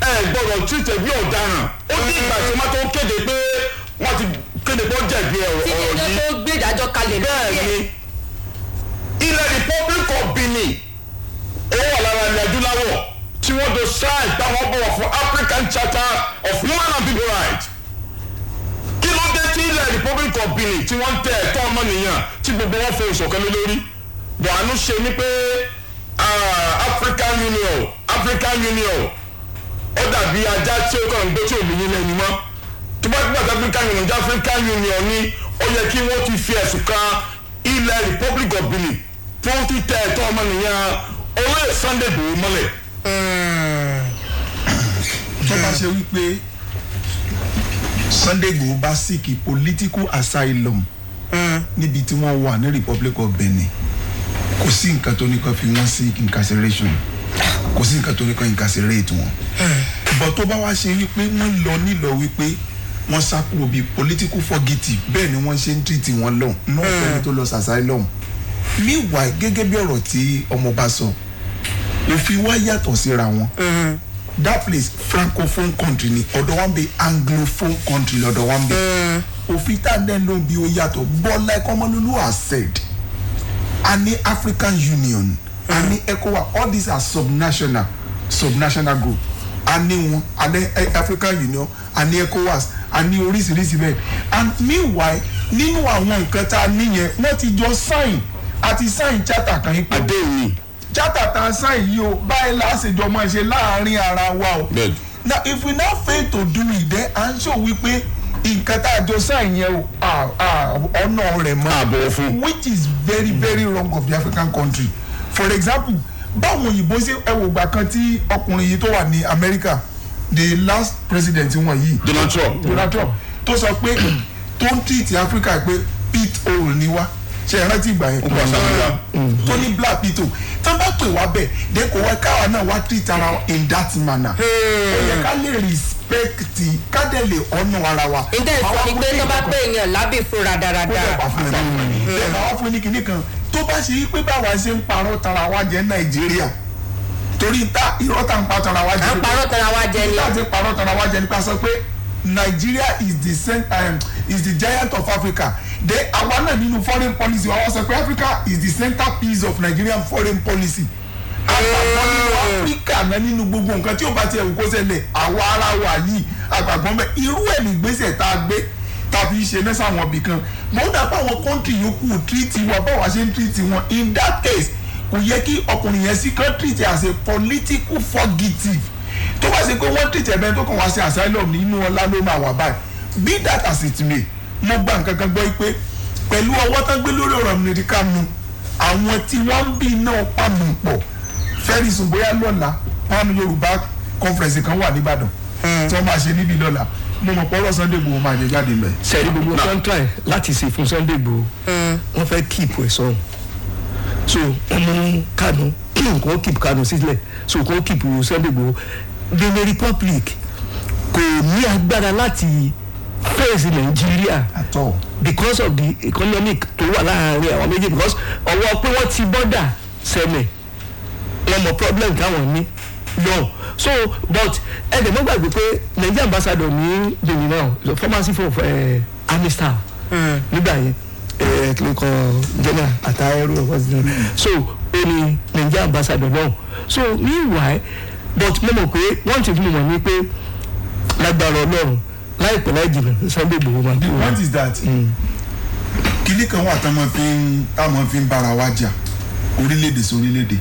ẹ gbọ́dọ̀ tí tẹ̀bí ọ̀daràn ó ní ìgbà tí wọ́n tó kéde pé wọ́n ti kéde pé ó jẹ̀bi ọ̀rọ̀ yìí. títí tó gbé ìdájọ́ kalẹ̀ lórí ẹ̀. ilẹ̀ republic of benin owó àlàra ilẹ̀ adúláwọ̀ tí wọ́n do sign táwọn bọ̀wọ̀ fún african charter of human and people rights dé tí ilẹ̀ republic of benin tí wọ́n tẹ̀ ẹ̀tọ́ ọmọnìyàn tí gbogbo wọn fo ìṣọ̀kan lé lórí buhari ṣe ni pé african union african union ó dàbí ajá tí ó kàn ń gbé tí ò níyìn lẹ́nu mọ́ tó bá tí african union jẹ́ african union ni ó yẹ kí wọ́n ti fi ẹ̀sùn kan ilẹ̀ republic of benin fún títẹ̀ ẹ̀tọ́ ọmọnìyàn olóyè sunday gbòó mọ́lẹ̀. Hmm. tó ṣe wípé. Sunday Igboho bá seek political asylum hmm. níbi tí wọ́n wà ní Republic of Benin kò sí nǹkan tó ní kan fi wọ́n seek incarceration kò sí nǹkan tó ní kan incarcerate wọn. Hmm. but tó bá wá ṣe wípé wọ́n lọ nílọ wípé wọ́n sá kúrò bíi political forgiving bẹ́ẹ̀ ni wọ́n ṣe ń treat wọn lọ́hùn lọ́wọ́ pẹ̀lú hmm. tó lọ asylum meanwhile gẹ́gẹ́ bí ọ̀rọ̀ tí ọmọọba sọ òfin wá yàtọ̀ síra wọn that place francophone country ni ọ̀dọ̀ wọn bẹ anglophone country lọ́dọ̀ wọn bẹ mm. òfin tá a dẹ́n ló ń bi ó yàtọ̀ bọ́lá ẹ̀kọ́ ọmọlúlú said a ní african union a ní mm. ecowas all these are subnational subnational group a ní wọn a ní african union a ní ecowas a ní oríṣiríṣi bẹ́ẹ̀ and meanwhile nínú àwọn nǹkan tá a níyẹn wọ́n ti jọ sign àti sign charter kan yìí pé. àdéhùn ni charter tá a sign o báyìí láṣejọ máa ṣe láàrin ara wa o now if we now fail to do it then à ń we wípé nǹkan tá a jọ sign yẹn o ọ̀nà rẹ̀ mọ́ which is very very wrong of the African country for example báwọn òyìnbó ṣe ẹwògbà kan tí ọkùnrin yìí tó wà ní America the last president wọn yìí Donald Trump Donald Trump tó sọ pé tó ń tìtì Africa pé pit hole ni wá ṣe é rántí ìgbà yẹn mm. Mm. tó ní black pito tó bá pè wá bẹ́ẹ̀ dé kò wá káwa náà wá treat ara in that manner ó yẹ ká lè respect ká dẹ̀ lè ọ̀nà ara wa. ǹjẹ́ ìsọ ni pé tó bá pè èèyàn lábẹ́ ìfún rádaràda. kó dẹ̀ wá fún mi mm. bẹ́ẹ̀ bá wá fún ní kinní kan tó bá ṣe pé báwa ṣe ń parọ́ tara wa jẹ́ nàìjíríà torí ta irọ́ ta ń pa tara wa jẹ́ ni. à ń parọ́ tara wa jẹ́ ni. láti parọ́ tara wa jẹ́ ni pa sọ pé Nigeria is the, um, is the giant of Africa de àwa náà nínú foreign policy wa wọ́n sọ pé Africa is the piece of Nigerian foreign policy àgbàgbọ́ nínú áfíríkà náà nínú gbogbo nǹkan tí ó bá tiẹ̀ wù kó ṣẹlẹ̀ àwa ara wa yìí àgbàgbọ́ mẹ́ irú ẹ̀ nígbésẹ̀ tá a gbé tàbí ṣe náà sáwọn ibì kan mo dà pé àwọn kọ́ńtì yòókù tírìtì wa báwa ṣe ń tírìtì wọn in that case kò yẹ kí ọkùnrin yẹn sí kan tírìtì as a political fugitive tó bá ṣe pé wọ́n tírìtì ẹ̀bẹ̀ tó kàn wá ṣe asylum nínú ọlá ló máa wà báyìí be that as it may mo gbà nǹkan kan gbọ́ pé pẹ̀lú ọwọ́ tán gbé lórí ọ̀rọ̀ amúnirika nu àwọn tí wọ́n ń bí iná pàmò pọ̀ fẹ́rìsùn bóyá lọ́la pàmò yorùbá conference kan wà nìbàdàn hmm. tí wọ́n máa ṣe níbi lọ́la mo mọ̀ pọ́rọ̀ Sunday Igboho máa jẹ jáde mẹ́. sẹ́ẹ̀dì gbogbo sọ́ńtà ẹ̀ láti ṣe fún Sunday Igboho hmm. wọ́n fẹ́ kíìpù ẹ̀ sọ́hùn so wọ́n mú Kanu kò kíìpù Kanu sílẹ̀ so kò kíìpù Sunday Igboho Benin Republic kò ní agbára láti face Nàìjíríà because of the economic tó wà láàárín àwọn méjì because ọwọ́ pé wọ́n ti bọ́dà sẹ́lẹ̀ wọ́n mọ problem táwọn ní lọ so but ẹ dẹ̀ mọ́ gbàgbé pé Nigeria ambassador ní benin now former chief of eh, army staff hmm. nígbà yẹn eh, kílíkọ jẹnà àtàrẹrù ọkọ sí náà so ó ní Nàìjíríà ambassador náà so meanwhile but mo mọ̀ pé one thing mo mọ̀ ni pé lágbára Ọlọ́run láìpẹ́ láì jìnnà Sunday Igboho máa kú. the point is that hmm. kínní kan wà táwọn fi ń táwọn fi ń bára wa jà orílẹ̀-èdè sí orílẹ̀-èdè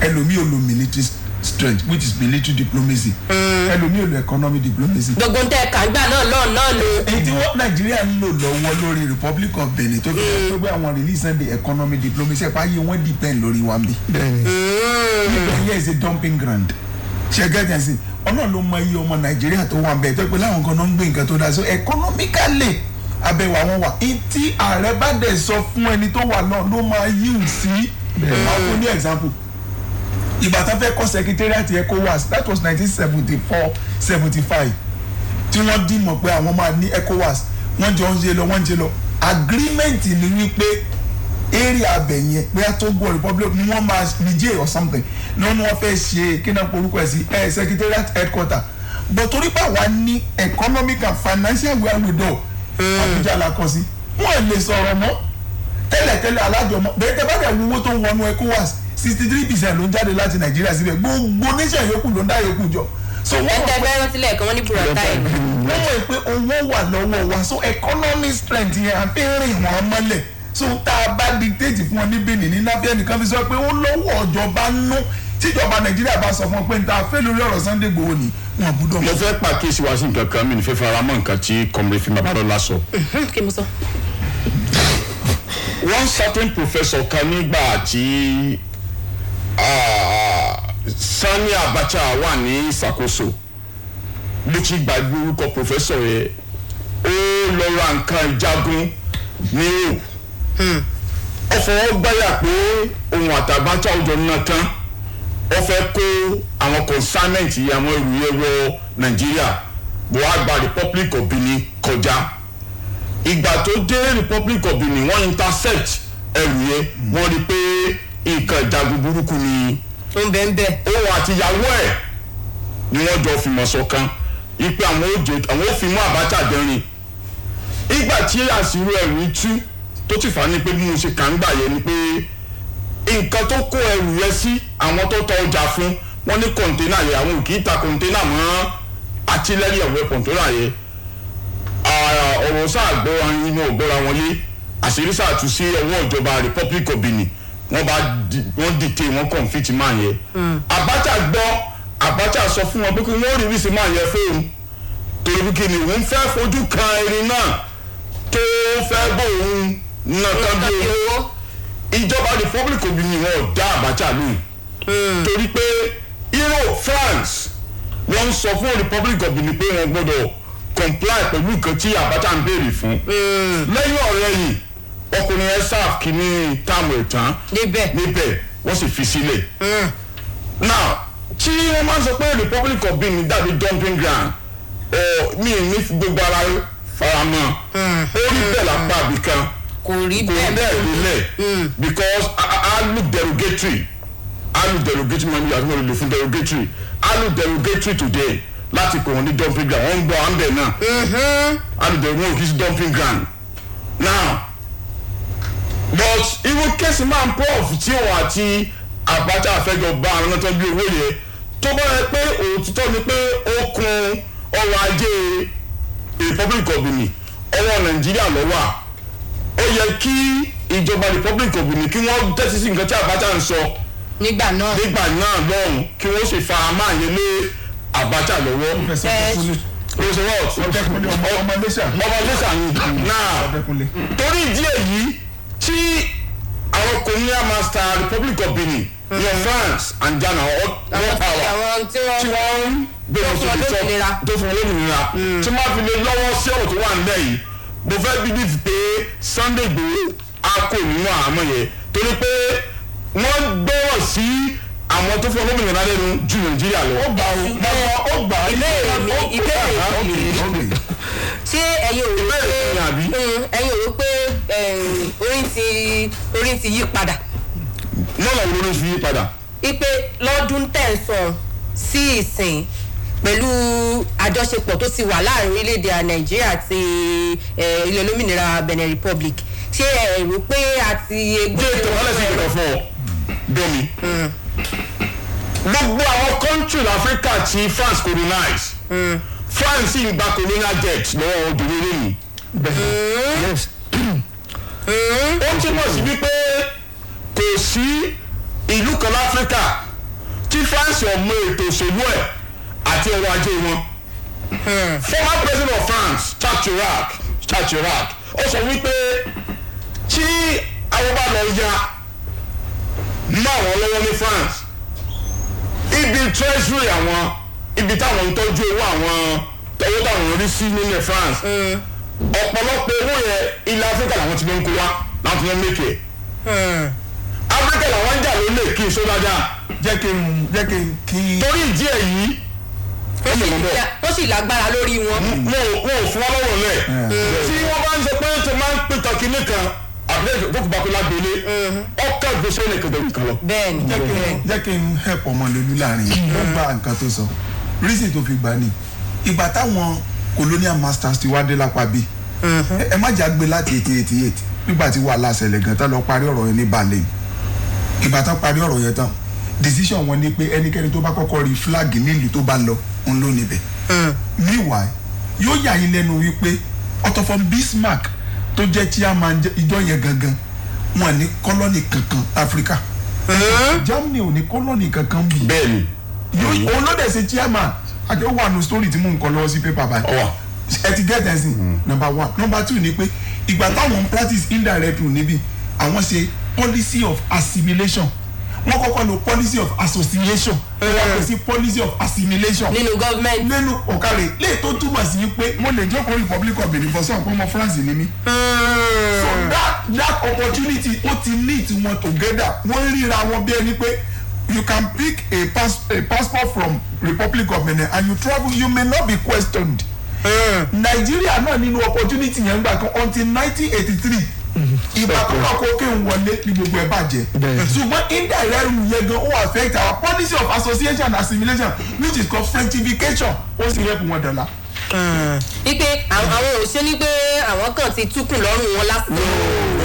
ẹlòmíì ò military strength which is military diplomacy hmm. ẹlòmíì ò lo economic diplomacy. gbogbo ntẹ kàgbà náà náà náà ni. èyí tí wọ́n nàìjíríà ń lò lọ́wọ́ lórí Republic of Benin tó fi gbé hmm. àwọn release the economic diplomacy ẹ̀ fáyé wọ́n depend lórí wa mi. nígbà yẹn is a dumping ground. Mm ṣe gẹ́gẹ́ sí ọlọ́run ló mọ iye ọmọ nàìjíríà tó wà bẹ́ẹ̀ tó pé láwọn kan ló ń gbé nǹkan tó dáa so economically abẹ́wò àwọn wà tí ààrẹ bá dẹ̀ sọ fún ẹni tó wà náà ló máa yíwù sí àwọn ní example ìgbà tó fẹ́ kọ́ secretariat ecowas that was nineteen seventy four seventy five tí wọ́n dìmọ̀ pé àwọn máa ní ecowas wọ́n jọ ń ṣe lọ wọ́n ń ṣe lọ agreement ni wípé area abẹ yẹn bóyá Togo republic ni wọ́n máa niger or something ni wọ́n fẹ́ ṣe kí náà porúkọ ẹ̀ sí ẹ̀ secretariat headquarter but torí pé àwa ní economic and financial wherewithal eh. Abuja la kọ sí wọ́n lè sọ̀rọ̀ mọ́ tẹ́lẹ̀tẹ́lẹ̀ alájọmọ́ bẹ́ẹ̀ tẹ́ bá dẹ̀ wo owó tó ń wọnú ECOWAS sixty three percent ló ń jáde láti nàìjíríà síbẹ̀ gbogbo nation yòókù ló ń dá yòókù jọ. so wọ́n mọ̀ pé wọ́n tilẹ̀ kan wọ́n ní buratai. wọ́n mọ̀ pé owó wà lọ́wọ́ wa so economic strength yẹn àfi rìn wọ́n mọ́lẹ̀ so tá a bá dictate fún ọ ní benin ní láfíà nìkan fi sọ pé ó lọ́wọ́ ọ̀jọba nú tíjọba nàìjíríà bá sọ fún ọ pé n ta fẹ́ lórí ọ̀rọ̀ Sunday Igboho ni wọn gbúdọ̀. mo fẹ́ pàkíyèsí wa sí nǹkan kan mi ní fẹ́ fara mọ́ nǹkan tí kọ́mọdé fi babalọ́lá sọ. kí mo sọ. one certain professor kan nígbà tí Sani Abacha wà ní ìṣàkóso mo ti gbàgbé orúkọ professor yẹn ó lọ ra nǹkan ìjagun ní òkú ó fọwọ́ gbáyà pé òun àtàbátà ọjọ́ náà tán ó fẹ́ kó àwọn consignment yìí àwọn ẹrù yẹn wọ nàìjíríà bó wá gba republic of benin kọjá ìgbà tó dé republic of benin wọ́n intercept ẹrù yẹn wọ́n rí i pé nǹkan ìjagun burúkú ni ó ń bẹ ń bẹ òun àtìyàwó ẹ̀ ni wọ́n jọ fìmọ̀ ṣọ̀kan ipe àwọn òfin àbátà dẹ́rìn ìgbà tí àṣírí ẹrù tú tó ti fà á ni pé bí mo ṣe kà ń gbà yẹn ni pé nǹkan tó kó ẹrù yẹn sí àwọn tó tọ ọjà fún wọn ní kọ̀ǹténà yẹn àwọn ò kì í ta kọ̀ǹténà mọ́ artillery of weapon tó rà yẹn ọ̀rọ̀ sáà gbọ́ra inú ọ̀gbọ́ra wọn lé àṣírí sáà tún sí ọwọ́ ìjọba Republic of Benin wọ́n bá wọ́n dìte wọ́n kọ̀ǹfìtì máa yẹn hmm. Abacha gbọ́ Abacha sọ fún wọn pé kí wọ́n rí wísí máa yẹ fóun torí kí ni òun fẹ́ fojú kan erin náà tó fẹ́ bọ̀ òun nàkan bí owó ìjọba republic obi ni wọn ò dá Abacha lóyún hmm. torí pé Europe France wọ́n ń sọ fún republic of benin pé wọ́n gbọ́dọ̀ comply pẹ̀lú nǹkan tí Abacha ń béèrè fún hmm. lẹ́yìn ọ̀rẹ́ yìí ọkùnrin ẹ́sàf kìíní táàmù ẹ̀tàn níbẹ̀ wọ́n sì fi sílẹ̀ hmm. now tí wọ́n máa ń sọ pé republic of benin dàbí dumping ground mi ní gbogbo ara faramọ́ orí bẹ́ẹ̀ lápá àbíkan kò rí bẹ́ẹ̀ kò rí bẹ́ẹ̀ hmm. because alu derogatory alu derogatory man. yàtọ̀ mọ̀ lè fún derogatory alu derogatory today láti pè wọ́n ní dumping ground wọ́n ń bọ̀ àmbẹ̀ náà mm-hmm. alu derogatory wọn kì í sí dumping ground now but even kẹ́sì máa ń pọ̀ tí òun àti àbájá àfẹ́jọ bá àwọn ọ̀nà tó bí owó yẹn tó bá yẹ pé òtítọ́ ni pé ó kun ọrọ̀ ajé republic of benin ọwọ́ nàìjíríà lọ́wọ́ à ó yẹ kí ìjọba republic of benin kí wọ́n tẹ́sí sí nǹkan tí abacha ń sọ nígbà náà nígbà náà lọ́hùn kí wọ́n sì fara máa yẹ lé abacha lọ́wọ́ pèsè wọ́ọ̀t ọmọ lẹ́sà ni náà torí ìdí èyí tí àwọn colonial master republic of benin ní hmm. france and ghana all power tí wọ́n ń gbèrò sí ìtọ́ tó fún olómìnira hmm. tí wọ́n fi lè lọ́wọ́ sí ọ̀rọ̀ tó wà nílẹ̀ yìí mo fẹ́ bílíf pé Sunday Igboho a nínú àhámọ́ yẹn torí pé wọ́n gbọ́rọ̀ sí àwọn tó fún olómìnira lẹ́nu ju Nàìjíríà lọ. ó gbà ó gbà ó gbà ilé ìwé ìbéèrè mi ṣé ẹ̀yin ò rò pé ò rò orin ti orin ti yí padà. lọ́la wo ló yí padà. ipe lọ́dún tẹ̀sán sí ìsìn pẹ̀lú àjọṣepọ̀ tó ti wà láàrin orílẹ̀-èdè nàìjíríà àti ilẹ̀ olómìnira benin republic ṣé ẹ rò pé a ti gbé ìwọ̀n ẹ̀rọ. bẹ́ẹ̀ni gbogbo àwọn country africa ti france colonize hmm. france ń gba colonial debt lọ́wọ́ obìnrin lẹ́yìn. Hmm. Hmm. ó túmọ̀ sí wípé kò sí ìlú kan láfíríkà tí france ọmọ ètò òṣèlú ẹ̀ àti ọrọ̀ ajé wọn. Hmm. former president of france Jacques Chirac Jacques Chirac ó sọ wípé tí àwọn bá lọ ya má wọn lọ́wọ́ ní france ibi treasury àwọn ibi táwọn ń tọ́jú owó àwọn tọ́wọ́ táwọn rí sí nílẹ̀ france hmm. ọ̀pọ̀lọpọ̀ owó yẹn ilẹ̀ áfíríkà làwọn ti ń kó wá láti wọn mékè áfíríkà làwọn ń jà lólè kí n sódà dá. jẹ́ kí n jẹ́ kí n kí. torí ìdí èyí ó sì lágbára lórí wọn. wọn ò fún wọn lọ́wọ́ lẹ̀ mm. tí wọ́n bá ń sọ pé ṣe máa ń pè tán kínní kan àbúrò ìjókòó bá kó lágbélé ọkọ̀ mm-hmm. gbèsè ní ìkẹ̀dẹ̀ nìkan lọ. bẹ́ẹ̀ni bẹ́ẹ̀ni. jẹ́ kí n help ọmọlélú láàrin yìí ó gba nǹkan tó sọ reason tó fi gbà ní ìgbà táwọn colonial masters ti wá dé lápá bíi mm-hmm. ẹ má jà gbé láti eighty eighty eight nígbà tí wàhálà ṣẹlẹ̀ gan tán lọ parí ọ̀rọ̀ yẹn ní Berlin ìgbà parí ọ̀rọ̀ yẹn tán decision wọn ni pé ẹnikẹ́ni tó bá kọ́kọ́ rí flag nílùú tó bá lọ òun ló níbẹ̀. Hmm. meanwhile yóò yà yín lẹ́nu wípé Otto von Bismarck tó jẹ́ chairman ìjọ yẹn gangan wọn ní kọ́lọ́nì kankan Áfíríkà hmm. Germany ò ní kọ́lọ́nì kankan bí. bẹ́ẹ̀ni. òun ló dẹ̀ ṣe chairman àti ó wà nù story tí mò ń kọ lọ́wọ́ sí pépà báyìí ẹ ti get ẹsìn hmm. number one number two ni pé ìgbà táwọn practice indirect rule níbi àwọn ṣe policy of assimilation wọ́n kọ́kọ́ lo policy of association yàtọ̀ eh. sí policy of assimilation. nínú gọ́ọ̀mẹ̀ntì. nínú ọ̀kàlẹ̀ lè tó túmọ̀ sí pé mo lè jókòó republic of benin fọ́sọ̀ pé ọmọ france ni mí. Eh. so that that opportunity ó ti lead wọn together wọ́n ríra wọn bí ẹni pé you can pick a, pass, a passport from republic of benin and you travel you may not be questioned. Eh. Nigeria náà nínú opportunity yẹn gbà kan until nineteen eighty three Mm-hmm. ìgbà tó wà kó kí n wọlé ní gbogbo ẹ̀ bàjẹ́ ṣùgbọ́n indirect rule yẹn gan ó affect our policy of association and assimilation which is called frenchification ó sì rẹ́pù wọn dọ̀la ipe àwọn òṣèlú ni pé àwọn kan ti túkùn lọ́rùn wọn lásìkò.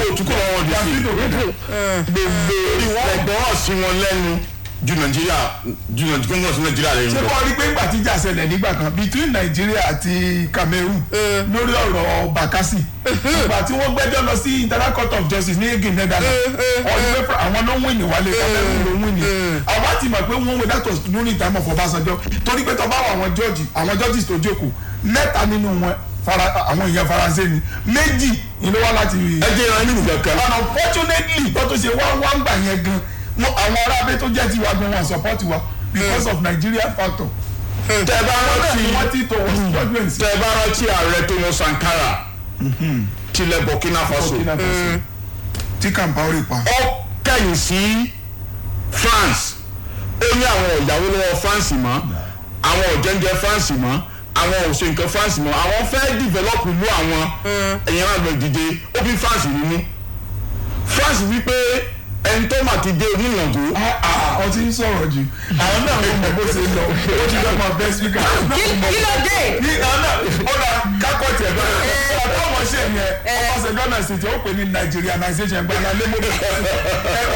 o túkùn lọ́wọ́ di sí i gbogbo ìwọ̀n gbọ́rọ̀ sí wọn lẹ́nu ju nàìjíríà ju nàìjíríà sí nàìjíríà rẹ. ṣé kò rí pé ìgbà tíjà ṣẹlẹ̀ nígbà kan between nàìjíríà àti cameroon eh. lórí ọ̀rọ̀ bakasi eh. ìgbà tí wọ́n gbẹ́jọ́ lọ sí international court of justice ní Hague Netherlands ọ̀dùnfẹ́ fún àwọn ló ń wìn ní wálé eh, cameroon ló ń wìn ní. àwa ti mọ̀ pé wọ́n wẹ̀ dátọ̀ lórí ìtààmú ọ̀fọ̀ Ọbásanjọ́ torí pé tọ́ba àwọn jọ́ọ̀jì àwọn jọ́ọ̀jì tó jókòó mẹ́ta nínú wọn àwọn èèyàn faransé ni méjì ìlú wa láti rí. ẹ jẹ́ ìrànlọ́wọ́ nìkan kan. unfortunately bọ́tò ṣe wá wá ń gbà yẹn gan-an àwọn arábẹ́ tó jẹ́ tiwa gan wọn support wa because of Nigeria factor. Hmm. tẹ bá hmm. rántí hmm. tẹ bá rántí ààrẹ tó mú Sankara tilẹ̀ Burkina Faso tí Kampaore pa. ó kẹ́yìn sí France ó ní àwọn ọ̀yàwó lọ́wọ́ France mọ́ àwọn ọ̀jẹ̀ǹjẹ̀ France mọ́ àwọn òṣè nǹkan France mọ́ àwọn fẹ́ develop ìlú àwọn ẹ̀yìn àgbẹ̀ dìde ó fi France nínú France wípé ẹnitọ́ mà ti dé onílàngó. ọ ti n sọ̀rọ̀ jù àwọn náà mo mọ̀ bó ṣe lọ ó ti lọ́ọ́ máa bẹ́ kí ló dé. ní ọ̀nà ọ̀nà kákọ́tì ẹ̀dọ́ rẹ̀ eh. ọ̀dọ́ ọmọ ṣe yẹn ọbaṣẹ́jọ́ náà ṣètì ó pè ní nigerianization gbàgbà lẹ́mọ́ bí ẹ̀rọ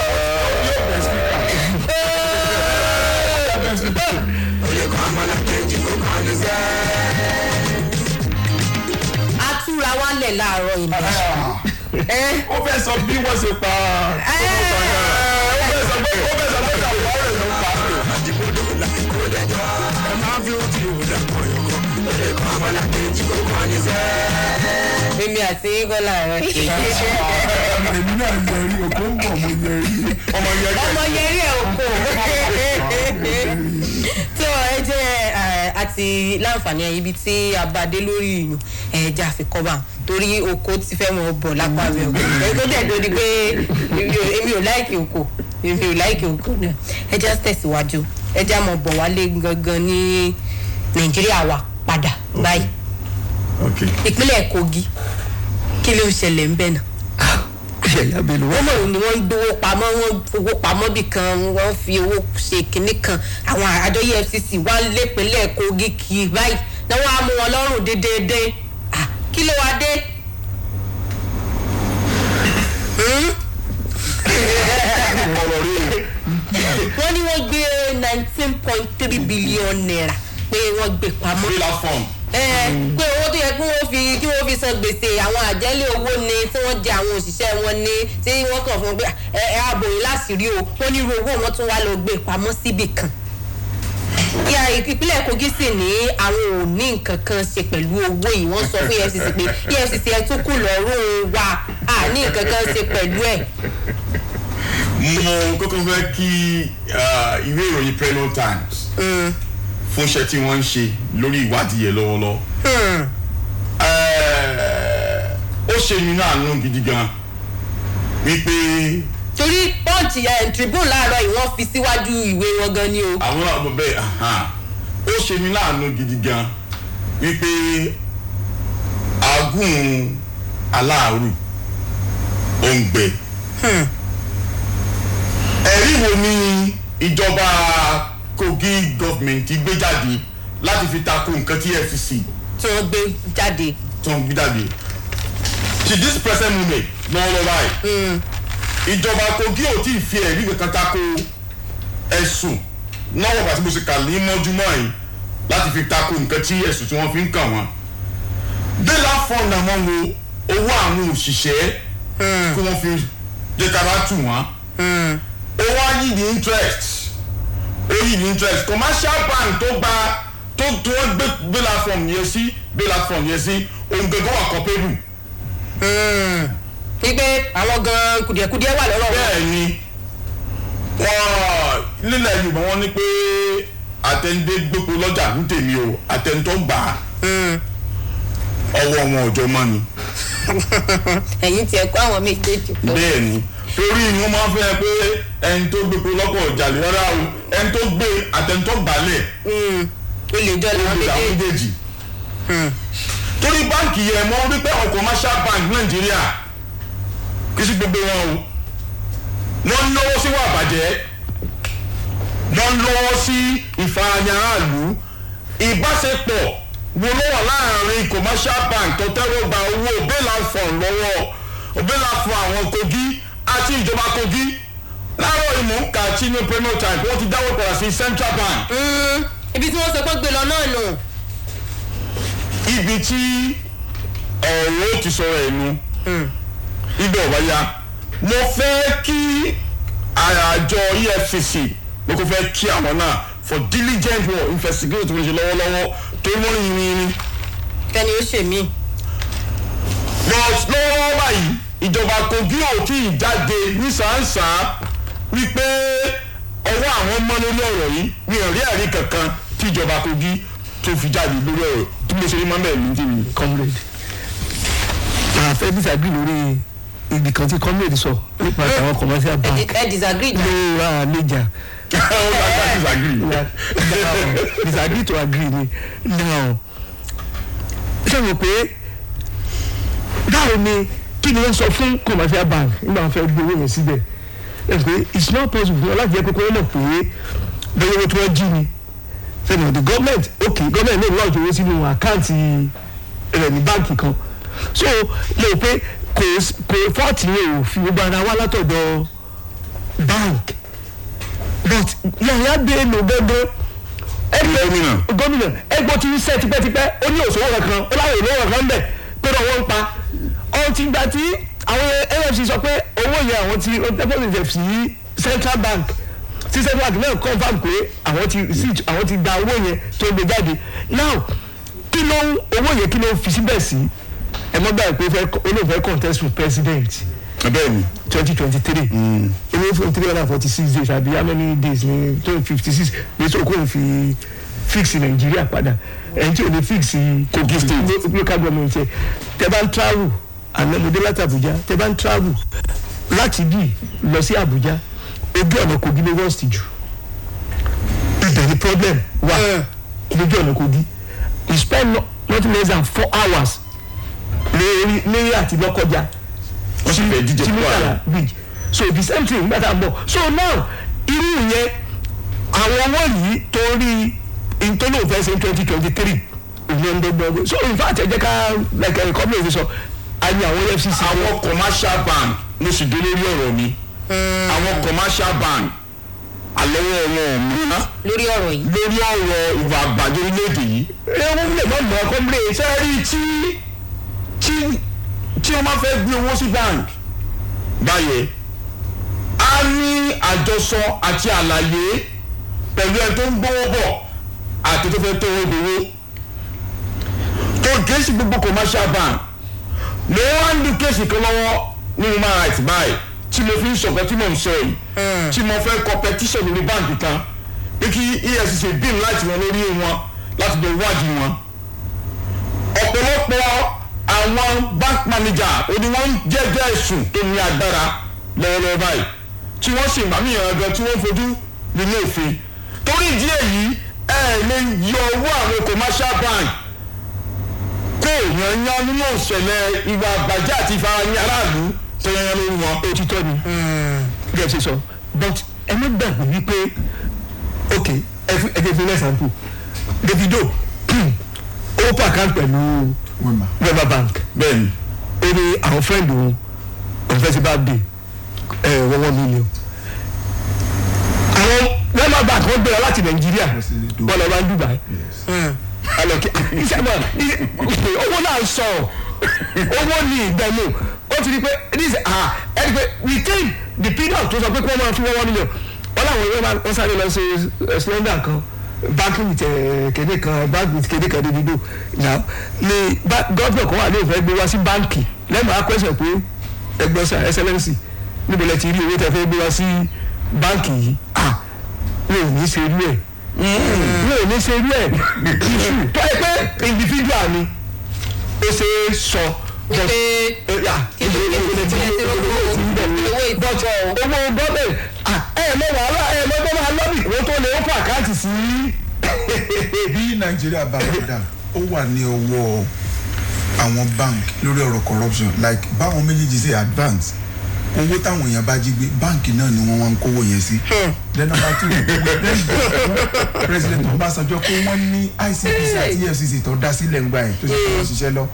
yóò eh. a ó fẹ́ sọ bí wọ́n ṣe pa ó fẹ́ sọ pé ó fẹ́ sọ pé kàwé ọ̀rẹ́ ló pa. àdìgbòdo làkúkú lẹ́jọ́ ẹ máa fi ohun tí yóò dà pọ̀ yọ̀ngàn ó lè kọ́ ọmọlá kejì kó kọ́ ní sẹ́. bíbí àti gọ́là rẹ̀. èmi ọmọ yẹrí ẹ̀ òkú tó ẹ jẹ́ àti láǹfààní ibi tí a bá dé lórí ìyàn ẹ̀ẹ́dẹ́ àfikọ́bà torí oko ti fẹ́ mọ bọ̀ lápá mi o èyí tó dẹ̀ dodi pé èmi ò láìkì oko èmi ò láìkì oko náà ẹ jẹ́ tẹ̀síwájú ẹ jẹ́ mọ bọ̀ wálé gangan ní nàìjíríà wa padà báyìí ìpínlẹ̀ kogi kí ló ń ṣẹlẹ̀ ń bẹ̀ náà jẹ ìyá mi lówó. wọ́n mọ̀ ní wọ́n ń gbowó pamọ́ wọ́n fowó pamọ́ bì kan wọ́n fi owó ṣe kinní kan àwọn àjọ efcc wá lépinlẹ̀ kogi kì í báyìí náà wọ́n wọn lọ́rùn dédéédé kí ló wá dé. Hmm? wọ́n ní wọ́n gbé nineteen point three billion naira pé wọ́n gbé pamọ́ pé owó tó yẹ kí wọ́n fi kí wọ́n fi san gbèsè àwọn àjẹlé owó ni tí wọ́n jẹ àwọn òṣìṣẹ́ wọn ni tí wọ́n kàn fún un pé ẹ ẹ ààbò yìí láṣìírí o wọ́n ní irú owó wọn tún wá lọ gbé pamọ́ síbì kan. ìyá ìpínlẹ̀ kogi sì ní àwọn ò ní nǹkan kan ṣe pẹ̀lú owó yìí wọ́n sọ fún efcc pé efcc ẹ tún kù lọ́rùn wa a ní nǹkan kan ṣe pẹ̀lú ẹ̀. mo kókó fẹ́ kí uh, ìwé ìròyìn Premium Times. Mm fún iṣẹ́ tí wọ́n ń ṣe lórí ìwádìí yẹn lọ́wọ́lọ́wọ́ hmm. ó ṣe mí láàánú gidi gan wípé. torí pọ́ǹtì eh, tribune láàárọ̀ yìí wọ́n fi síwájú ìwé wọn gan ni o. àwọn ọmọ bẹ́ẹ̀ ó ṣe mí láàánú gidi gan wípé agún aláàrù ó ń gbẹ. Hmm. ẹ̀rí wo ni ìjọba Kogi government gbé jáde láti fi tako nǹkan tí EFCC. tí wọ́n gbé jáde. tí wọ́n gbé jáde. to this present moment lọ́wọ́lọ́wọ́ báyìí. Hmm. ìjọba Kogi ò tí ì fi ẹ̀rí kankan tako ẹ̀sùn náà wọ̀ pàṣẹ bó ṣe kà ní mọ́júmọ́ yìí láti fi tako nǹkan tí ẹ̀sùn tí wọ́n fi ń kàn wọ́n. délà fọ́ọ̀nù àwọn wo owó àwọn òṣìṣẹ́ kí hmm. wọ́n fi jẹ́ bá tù wọ́n. owó hmm. ayé ní interest oyin interest commercial bank tó gba tó tó gbé bailout form yẹn sí bailout form yẹn sí òun gangan wà culpable. pípé hmm. àwọn gan kùdìẹ̀kùdìẹ̀ wà lọ́rọ̀ wọn. bẹ́ẹ̀ni wọ́n nílẹ̀ yorùbá wọn ní pé àtẹnudé gbogbo lọ́jà ń tèmi o àtẹnudó ń gbà á hmm. ọwọ́ wọn ò jọ mọ́ ni. ẹ̀yin tiẹ̀ kó àwọn méjèèjì pọ̀. bẹ́ẹ̀ni torí wọn máa fẹ́ pé ẹni tó gbépo lọ́kọ̀ jàlè rárá o ẹni tó gbé àtẹnutọ́ gbàlẹ̀ o hmm. lè jọ làwọn méjèèjì hmm. torí báǹkì yẹn mo rí pé ọkọ̀ commercial bank nàìjíríà kì í sí gbogbo wọn o wọ́n ń lọ́wọ́ sí wàbàjẹ́ wọ́n ń lọ́wọ́ sí ìfarahàn aráàlú ìbáṣepọ̀ wo ló wà láàrin commercial bank tó tẹ́wọ́ gba owó bẹ́ẹ̀ la fọ̀ lọ́wọ́ bẹ́ẹ̀ la fọ̀ àwọn kogi tí ìjọba Kogi láàárọ̀ ìmú kàtí ní premier time wọ́n ti dáwọ́ padà sí central bank. Mm, ibi tí wọ́n sọ pé gbé náà nù. ibi tí ọ̀rọ̀ ti sọ̀rọ̀ ẹ̀nu mm. ibẹ̀ ọ̀bá yá mo fẹ́ kí àjọ EFCC mo kò fẹ́ kí àwọn náà for diligent work investigate tó ṣe lọ́wọ́lọ́wọ́ tó mọ́ yìnyín ni. kẹ́ni ó ṣe mí. but lọ́wọ́lọ́wọ́ báyìí ìjọba Kogi ò tí ní sàǹsàn wípé ọwọ́ àwọn mọ́ lórí ọ̀rọ̀ yìí ní ẹ̀rí ẹ̀rí kankan tí ìjọba Kogi tó fi jáde lórí ọ̀rọ̀ tí mo ṣe ní mọ́mọ́ ẹ̀mí tí mi. comrade àfẹ́ ah, disagree lórí ibì kan tí comrade sọ nípa àwọn commercial bank ló ra àlejà. disagree to agree ni now ṣé mo pé báwo ni kí ni wọ́n sọ fún commercial bank nígbà wọn fẹ́ gbé owó yẹn síbẹ̀ ẹ pé it's not possible fún wọn láti jẹ́ kókó lọ́nà pé bẹ́ẹ̀ owó tí wọ́n jí ni sẹ́yìn the government ok government náà lọ́ọ̀jọ̀ owó sínú àkáǹtì rẹ̀ ní báǹkì kan so mo pe kò kò fọ́ọ̀tì yẹn ò fi gbogbo ara wá látọ̀dọ̀ bank but yàrá bẹ́ẹ̀ ló gbẹ́gbẹ́ gómìnà ẹgbẹ́ tí ń sẹ́ tipẹ́tipẹ́ ó ní òṣòwò kankan ó láwọn ìlú kankan bẹ̀ pé wọ́n ń pa ẹ ti gbà tí àwọn nfc sọ pé owó yẹn àwọn ti deposit sí central bank tí central bank náà confam pé àwọn ti receipt àwọn ti gba owó yẹn tó gbé jáde now kí ló ń owó yẹn kí ló ń fi síbẹ̀ sí ẹ mọ́ gbà pé olóòfẹ́ contest for president bẹ́ẹ̀ni twenty twenty three ewé mm. fún three hundred and forty six days àbí how many days ni twenty fifty six ní sọ kò ń fi fix nàìjíríà padà ẹ̀ ń tí ò ní fix kogi state local government ẹ̀ tẹ́ bá ń travel àná mo dé láti àbújá tẹ bá ń travel láti bí lọ sí àbújá ojú ọ̀nà kogi ló wọ́ọ̀sì jù ibẹ̀ ni problem wà lójú eh. ọ̀nà kogi we spend not less than four hours lórí lórí àti lọ́kọjá chimikala bridge so the same thing nígbà tá bọ̀ so now irú yẹn àwọn wọ̀nyí torí ntọ́lọ́fẹ́sẹ̀ twenty twenty three ìyẹn ń dọ́gbọ́n so in fact ẹ jẹ́ ká like ẹ̀kọ́ mi ò fi sọ a ní àwọn efcc. commercial bank mo sì dé lórí ọ̀rọ̀ mi hmm. àwọn commercial bank àlọ́wọ́ wọn mìíràn. lórí ọ̀rọ̀ yìí. lórí ọ̀rọ̀ ìwà àgbàdo orílẹ̀-èdè yìí. ewu lè má mọ̀ ọkọ mi lè ṣe é rí tí tí tí wọ́n máa fẹ́ gbé owó sí bank. báyẹn a ní àjọsọ àti àlàyé pẹ̀lú ẹ tó ń gbówó bọ̀ àti tó fẹ́ tó owó gbowó. tó gẹ̀ẹ́sì gbogbo commercial bank mo one ń du kéèsì kan lọ́wọ́ ní human rights báyìí tí mo fi ń sọ̀kọ́ tí mo ń sọ yìí hmm. tí mo fẹ́ kọ petition lórí báǹkì kan pé kí efcc bíi láti wọn lórí wọn láti lè wádìí wọn ọ̀pọ̀lọpọ̀ àwọn bank manager òní wọ́n ń jẹ́jẹ́ ẹ̀sùn tó ní agbára lọ́wọ́lọ́wọ́ báyìí tí wọ́n sì máa mìíràn gan tí wọ́n fojú nílé òfin torí ìdí èyí ẹ̀ lè yọ owó àwọn commercial bank pé èèyàn yan nínú ìṣẹ̀lẹ̀ ìwà àgbàjẹ́ àti ìfarahàn aráàlú tó yan lórí wọn òtítọ́ ni. Hmm. gẹ́gẹ́ ṣe sọ but ẹ má gbàgbé wípé ok ẹ jẹ́ fún lẹ́sàmpù Davido ó pàkán pẹ̀lú Wema Bank bẹ́ẹ̀ni ó ní àwọn fẹ́ǹdì òun confessible day wọ́n wọ́n mílíọ̀n àwọn Wema Bank wọ́n gbéra láti Nàìjíríà wọ́n lọ bá ń Dubai. Hmm owó náà sọ owó ní ìdánù ó ti di pé ẹni pé retain the period tó sọ pé kí wọ́n máa fún one million wọ́n láwọn ìwé wọn sáré lọ sí eh, slender kan báńkì eh, kéde kan báńkì kéde kan dídú náà ni gọ́ọ̀bù kan wà ní ìfẹ́ gbé wá sí báńkì lẹ́nu akọ́ṣẹ́ pé ẹgbẹ́ sa excellence níbo lẹ ti rí owó tẹ fẹ́ gbé wá sí báńkì yìí ah mi ò ní í ṣe irú ẹ̀ mi ò ní ṣe irú ẹ̀ iṣu tó ẹ pé individual ni ó ṣe é sọ eh, owó gọ́bẹ̀ ẹ mọ wàhálà eh, ah, ẹ mọ tó lọ́bì kó tó lè fà káàtì sí. bí nàìjíríà bá wà ó wà ní ọwọ́ àwọn bank lórí ọ̀rọ̀ corruption like báwọn méjèèjì ṣe advance owó táwọn èèyàn bá jí gbé báǹkì náà ni wọ́n wá ń kówó yẹn sí. then number two president Ọbásanjọ́ pé wọ́n ní ICPC àti EFCC e tó dá sílẹ̀ ńgbà yẹn tó ti kọ́ ṣiṣẹ́ lọ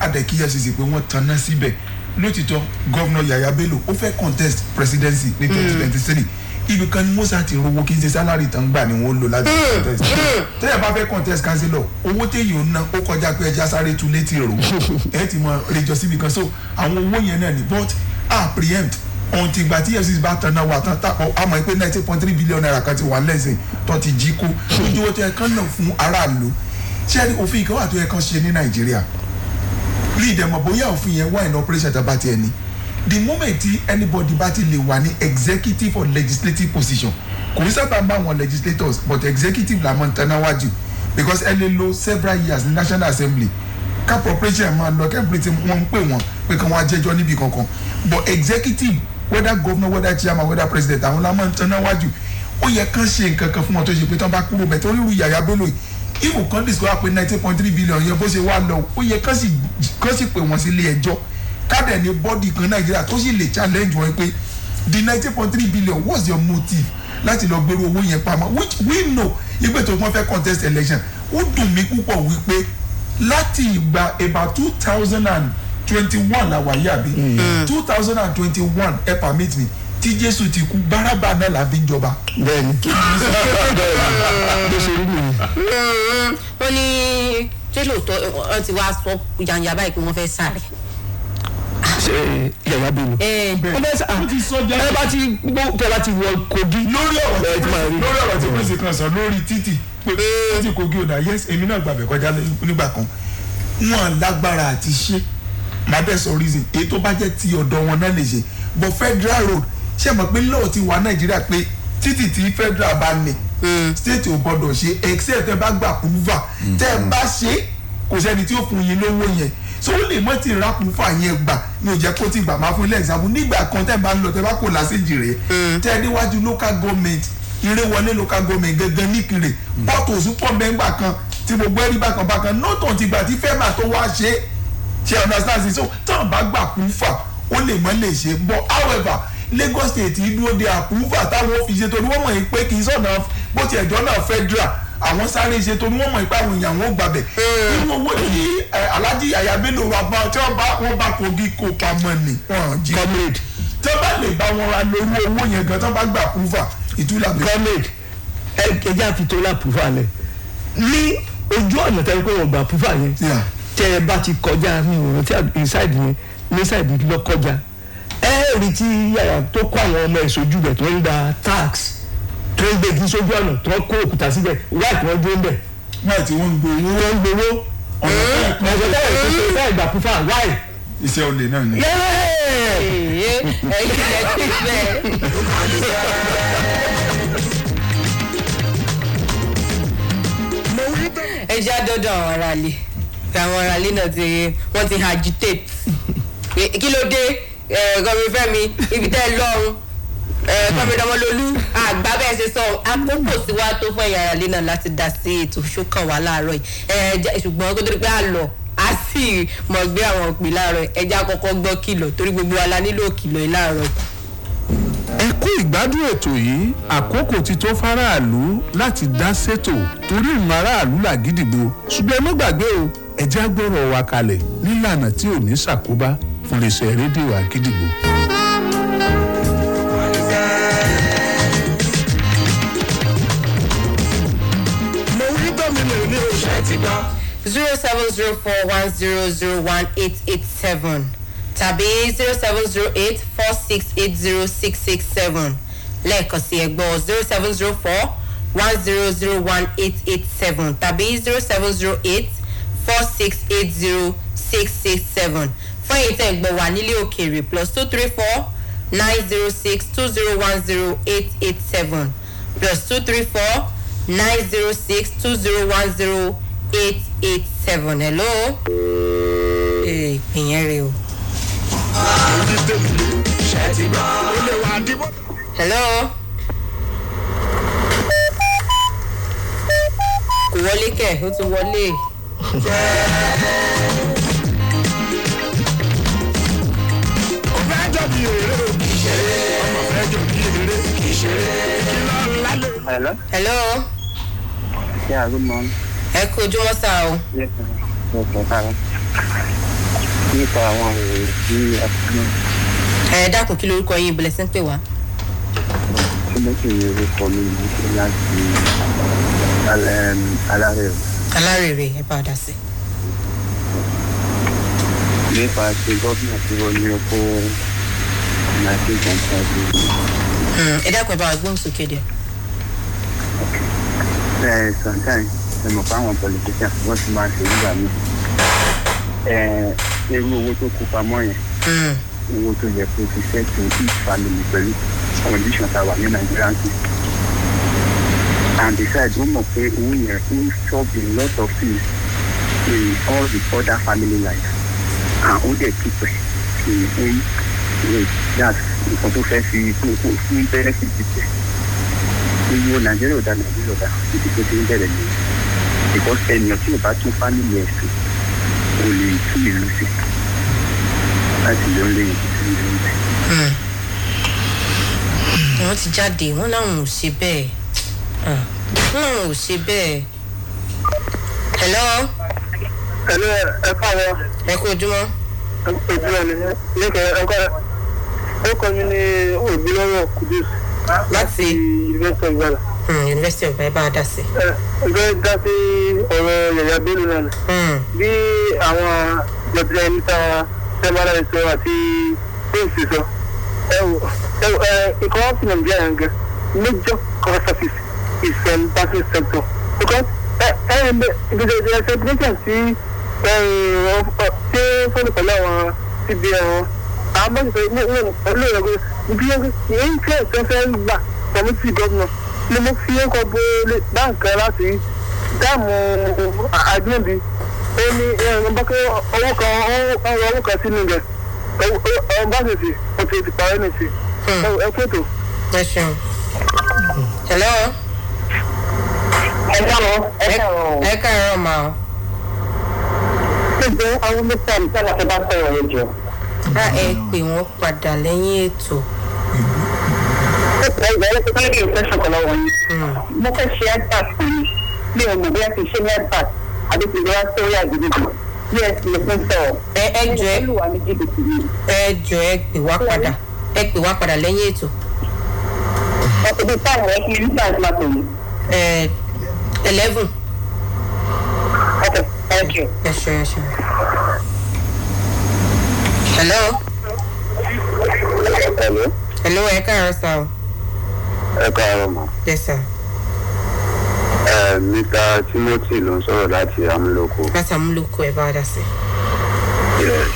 àdẹ̀kí EFCC pé wọ́n tanná síbẹ̀ lótìtọ́ gọ́vnà Yàyà Bello ó fẹ́ contest presidency ní hmm. twenty twenty three ibi kan ni musa ti rówó kí n ṣe sálárì tán gbà ni wọn lò láti hmm. contest hmm. tẹ́yà bá fẹ́ contest councilor owó téèyàn ń ná ó kọjá pé ẹja sáré tu létí rò ẹ ti mọ rẹjọ síbi kan so àwọn owó yẹn náà ni but apprehend ohun ìgbà tí efcc bá tanná wà tán tàpọ̀ àmọ́ pé nineteen point three billion naira kan ti wà lẹ́sìn tó ti jí kó ojú owó tó yẹ kán náà fún aráàlú ṣẹ́ni òfin ìkan wà tó yẹ kán ṣe ní nàìjíríà rí ìdẹ̀mọ̀ bóyá òfin yẹn wà in operation tàbá tiẹ̀ ni the moment tí anybody bá ti lè wà ní executive or legislative position kò ní sábà máa wọn legislators but executive làwọn tanná wájú because ẹ lè lo several years ní national assembly ká corporation máa lọ kẹ́mpìrìtì wọn ń pè wọn pé kí wọ́n á jẹ́jọ́ níbi kankan but executive whether governor whether chairman whether president àwọn làwọn máa ń tanná wájú ó yẹ kán ṣe nǹkan kan fún wọn tó ṣe pé tán bá kúrò bẹ̀ tó rí ru yàyà bélò yìí even kan discover pé nineteen point three billion yẹn bó ṣe wà lọ ó yẹ kán sì kán sì pè wọ́n sí ilé ẹjọ́ kádẹ ní bọ́dì kan nàìjíríà tó sì lè challenge wọn pé the nineteen point three billion what's your motive láti lọ gbèrú owó yẹn pamọ́ which we know ìgbésẹ̀ tó wọ́n fẹ́ contest election ó dùn mí púpọ̀ wípé láti ìgbà about two thousand and twenty-one làwà yìí àbí mm. two thousand and twenty-one ẹ permit me tí jésù ti kú bárábà náà la fi ń jọba. bẹ́ẹ̀ni bẹ́ẹ̀ni bó ṣe rí nìyẹn. wọ́n ní ṣé lóòótọ́ ọ ti wá sọ yànyàn báyìí pé wọ́n fẹ́ sáré yàyà bello. Eh. ẹ bá ti gbọ́ tẹ́ bá ti wọ kogi. lórí ọ̀rọ̀ tí lórí ọ̀rọ̀ tí kò sí kan sọ lórí títì péré. ó ti kogi ọ̀dà yes èmi náà gbàgbẹ́ kọjá nígbà kan wọn lágbára àti ṣe madẹ́sọ reason èyí bá jẹ́ ti ọ̀dọ̀ wọn náà lè ṣe but federal road ṣe mọ̀ pé lọ́ọ̀ ti wà nàìjíríà pé títì tí federal bá ní hmm. state ò gbọdọ̀ ṣe except ẹ bá gbà púfà tẹ́ ẹ bá ṣe kò sẹ́ni tí ó fún yín lówó yẹn so ó lè mọ́ ti ra púfà yẹn gbà ní ò jẹ́ kó ti gbà máa fún ilé example nígbà kan tẹ́ ẹ bá ń lọ tẹ́ bá kò lásìjì rẹ̀ hmm. tẹ́ ẹ níwájú local government ìrẹwọlé local government gangan nìkìrè hmm. pọ́tò sí pọ́ńbẹ́ngbà kan tí gbogbo ẹ̀rí bákan bákan nóòtàn ti gbà tí fẹ́ẹ́mà tó wá ṣe é ṣe understand sí so tán bá gbà púfà ó lè mọ́ lè ṣe but however Lagos State dúró de àpúfà táwọn ó fi ṣe torí wọ́n mọ̀ pé kì í sọ̀nà bó ti ẹ̀jọ́ náà federal àwọn sáré ṣe torí wọ́n mọ̀ pé àwọn èèyàn wọn gbàbẹ̀ nínú owó tí Alhaji Yahaya Bello wa bá tí wọ́n bá wọn bá kogi kó pamọ́ ni. comrade tí wọ́n bá lè bá wọn ra lórí owó yẹn gan tí wọ́n bá gbà púfà ìtúlápè gọ́ọ̀mẹ̀ntì ẹ̀jẹ̀ àfi tó la pùfà lẹ̀ ní ojú ọ̀nà tẹ́lẹ̀ pé wọ́n gbà pùfà yẹn tẹ́ ẹ bá ti kọjá mi ò rántí ìsáìdì yẹn ní ìsáìdì lọ kọjá ẹ rí tí yàrá tó kó àwọn ọmọ ẹ̀ sójú tó ń da tax tó ń gbégi sójú ọ̀nà tó ń kó òkúta síbẹ̀ wáìtì wọn dúró ń bẹ̀. wáìtì wọn ń gbowó. wọn ń gbowó ọ̀sẹ̀ tẹ́ ẹ̀ tó ṣe iṣẹ́ ìgbà púpà wáì. iṣẹ́ olè náà ni. ẹ ẹ ẹ kí ẹ ti bẹ́ẹ̀. ẹ já dọ́dọ̀ àwọn aráalé àwọn aráalé náà ti wọ́n ti agitate kí ló dé gọ́mi fẹ́mi ibi tẹ́ ẹ lọ́run gọ́mi dọ́mọlólú àgbà bẹ́ẹ̀ ṣe sọ àkókò sí wa tó fún ẹ̀yà aráalé náà láti dá sí ètò ṣókàn wa láàárọ̀ yìí ṣùgbọ́n kó tó di pé àlọ́ a sì mọ̀ gbé àwọn òpin láàárọ̀ ẹja kọ́kọ́ gbọ́ kìlọ̀ torí gbogbo wa la nílò kìlọ̀ yìí láàárọ̀ yìí ẹ ìgbádùn ètò yìí àkókò ti tó fáráàlú láti dá sétò torí ìmọ̀ làgídìgbò ṣùgbọ́n ẹ má gbàgbé o ẹ já wa kalẹ̀ nílànà tí ò ní ṣàkóbá fún iléeṣẹ́ rédíò àgídìgbò. mo rí gómìnà ilé iṣẹ́ ti gbà. zero seven zero four one zero zero one eight eight seven tàbí zero seven zero eight four six eight zero six six seven lẹ́ẹ̀kan sí ẹgbọ́ zero seven zero four one zero zero one eight eight seven tàbí zero seven zero eight four six eight zero six six seven fún èyí tẹ̀ ń gbọ́ wà nílé òkèèrè plus two three four nine zero six two zero one zero eight eight seven plus two three four nine zero six two zero one zero eight eight seven hello. ìpínyẹrẹ o hello. kò wọlé kẹ̀ ó ti wọlé. ó fẹ́ jọ bí èrè o kì í ṣeré ọmọ fẹ́ jọ bí èrè kì í ṣeré kí ló ń lálẹ́. hello. hello. yeah good morning. ẹ kú ojúmọ́ sáà o. yes nípa àwọn ìròyìn tí a ti gbọ́. ẹ dákun kí lorúkọ yín ìbílẹ̀ sí ń pè wá. ọmọkè mi orúkọ mi yìí ṣe láti alárèrè. alárèrè ẹ bá a dá sí. nípa ti gómìnà tí wọ́n ní oko nineteen point five million. ẹ dákun ẹ bá wa sókè díẹ̀. ẹ sometimes ẹ mọ̀ fáwọn politicians wọ́n ti máa ṣe nígbà míì ṣe irú owó tó kó pamọ́ yẹn hmm. owó tó yẹ kó ti fẹ́ tó each family pẹ̀lú condition tá a wà ní nàìjíríà ń sìn and besides wọ́n mọ̀ pé owó yẹn ń chop lot of things in all the other family life and ó dẹ̀ keep ẹ̀ in own way that nǹkan tó fẹ́ fi kókó fún benefit jẹ gbogbo nàìjíríà ò da nàìjíríà ò da ibi tó ń bẹ̀rẹ̀ nìyẹn because ẹnìyàn tí ò bá tún family ẹ̀ sùn mo lè tú ìlú sí láti lọ lè wọ́n ti jáde wọ́n láwọn ò ṣe bẹ́ẹ̀ hmm. wọ́n láwọn ò ṣe bẹ́ẹ̀. hello. hello ẹ kọ́ ọ. ẹ kú ojúmọ́. ojúmọ́ ni nígbà ẹ̀kọ́ ẹ̀kọ́ mi ni òbí lọ́wọ́ kudus. láti university of yunifásitì ọ̀fà ẹ bá a dá sí. ẹ ǹjẹ́ dá sí ọ̀rọ̀ yàyà bẹ́ẹ̀lì náà bí àwọn jọ̀bìlẹ̀ níta tẹ́lẹ̀ sọ àti prince sọ ẹ wò ẹ ìkọ́ ọ̀sìn nàìjíríà yẹn gẹ major crisis is um, banking sector because ẹ ẹ ìgbésẹ̀ celebration sí ṣé fóònù pẹ̀lú àwọn cbn wọn àwọn bá ti sọ ní olóòrè bí ẹ ń fẹ́ fẹ́ gbà community governor ni mo fi orúkọ bo báǹkì láti dáàmú àgbẹ̀bí ó ní bákẹ́ owó kan ọwọ́ owó kan sínú rẹ̀ báṣẹ̀ sí o ti ti parẹ́ ní sí hmm. ẹ fótó. ẹ ṣeun. hello. hello. ẹ káàárọ̀ mà o. ṣùgbọ́n àwọn mẹ́ta ìtàlá ti bá sọ̀rọ̀ yẹn jù. bá ẹ pè wọ́n padà lẹ́yìn ètò mo fẹ́ ṣe advert fún mi mi ò mọ̀ bí a ti ṣe ní advert àbí ti lọ́wọ́ sórí àgbègbè bí ẹ ti lè fún sọ. ẹ ẹ jọ ẹ ẹ jọ ẹ pè wá padà ẹ pè wá padà lẹ́yìn ètò. ọkọ̀ bíi táwọn ẹ̀ kí ní sáà ti máa pè mí. ẹ eleven. ok thank you. ẹ ṣe ẹ ṣe. hello. hello ẹ káàárọ̀ sáà o ẹ káàárọ̀ mọ́. yes sir. ẹ mr timothy ló ń sọ̀rọ̀ láti amúlòkó. láti amúlòkó ẹ bá dá sí. yes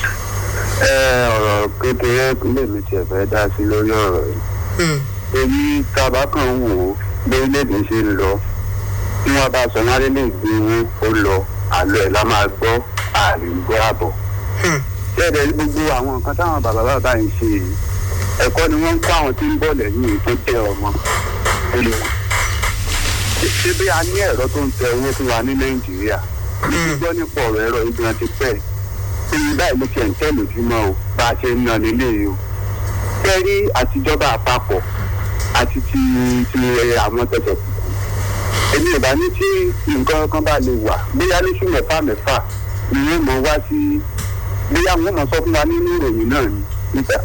ẹ ọ̀rọ̀ kékeré lèmi tiẹ̀ fẹ́ dá sí lórí ọ̀rọ̀ yìí. Hmm. èyí tábà kan wò ó bí orílẹ̀-èdè ṣe ń lọ tí wọ́n bá sọ wọ́n á lè gbé owó ó lọ àlọ́ ẹ̀ la máa gbọ́ àrùn àbọ̀. Hmm. ṣé ẹ̀dẹ̀ gbogbo àwọn nǹkan táwọn bàbá bàbá yìí ṣe yìí ẹ̀kọ́ ni wọ́n ń kọ́ àwọn tí ń bọ̀ lẹ́yìn tó jẹ́ ọmọ ẹni wọn. ṣé bí a ní ẹ̀rọ tó ń tẹ owó fún wa ní nàìjíríà gbígbọ́ nípa ọ̀rọ̀ ẹ̀rọ ìgbìmọ̀ ti pẹ́ ẹni báyìí ló ti ẹ̀ ń tẹ́ lójúmọ́ o bá a ṣe ń ná nílé yìí o. kẹ́rí àtijọba àpapọ̀ àti ti ti àwọn tẹ̀tẹ̀ kù èmi ò bá ní tí nǹkan kan bá lè wà bóyá ní sùn mẹ́fà mẹ́fà ni wọ́n mọ̀ wá sí bóyá wọ́n mọ̀ sọ fún wa nínú ìròyìn náà ní níta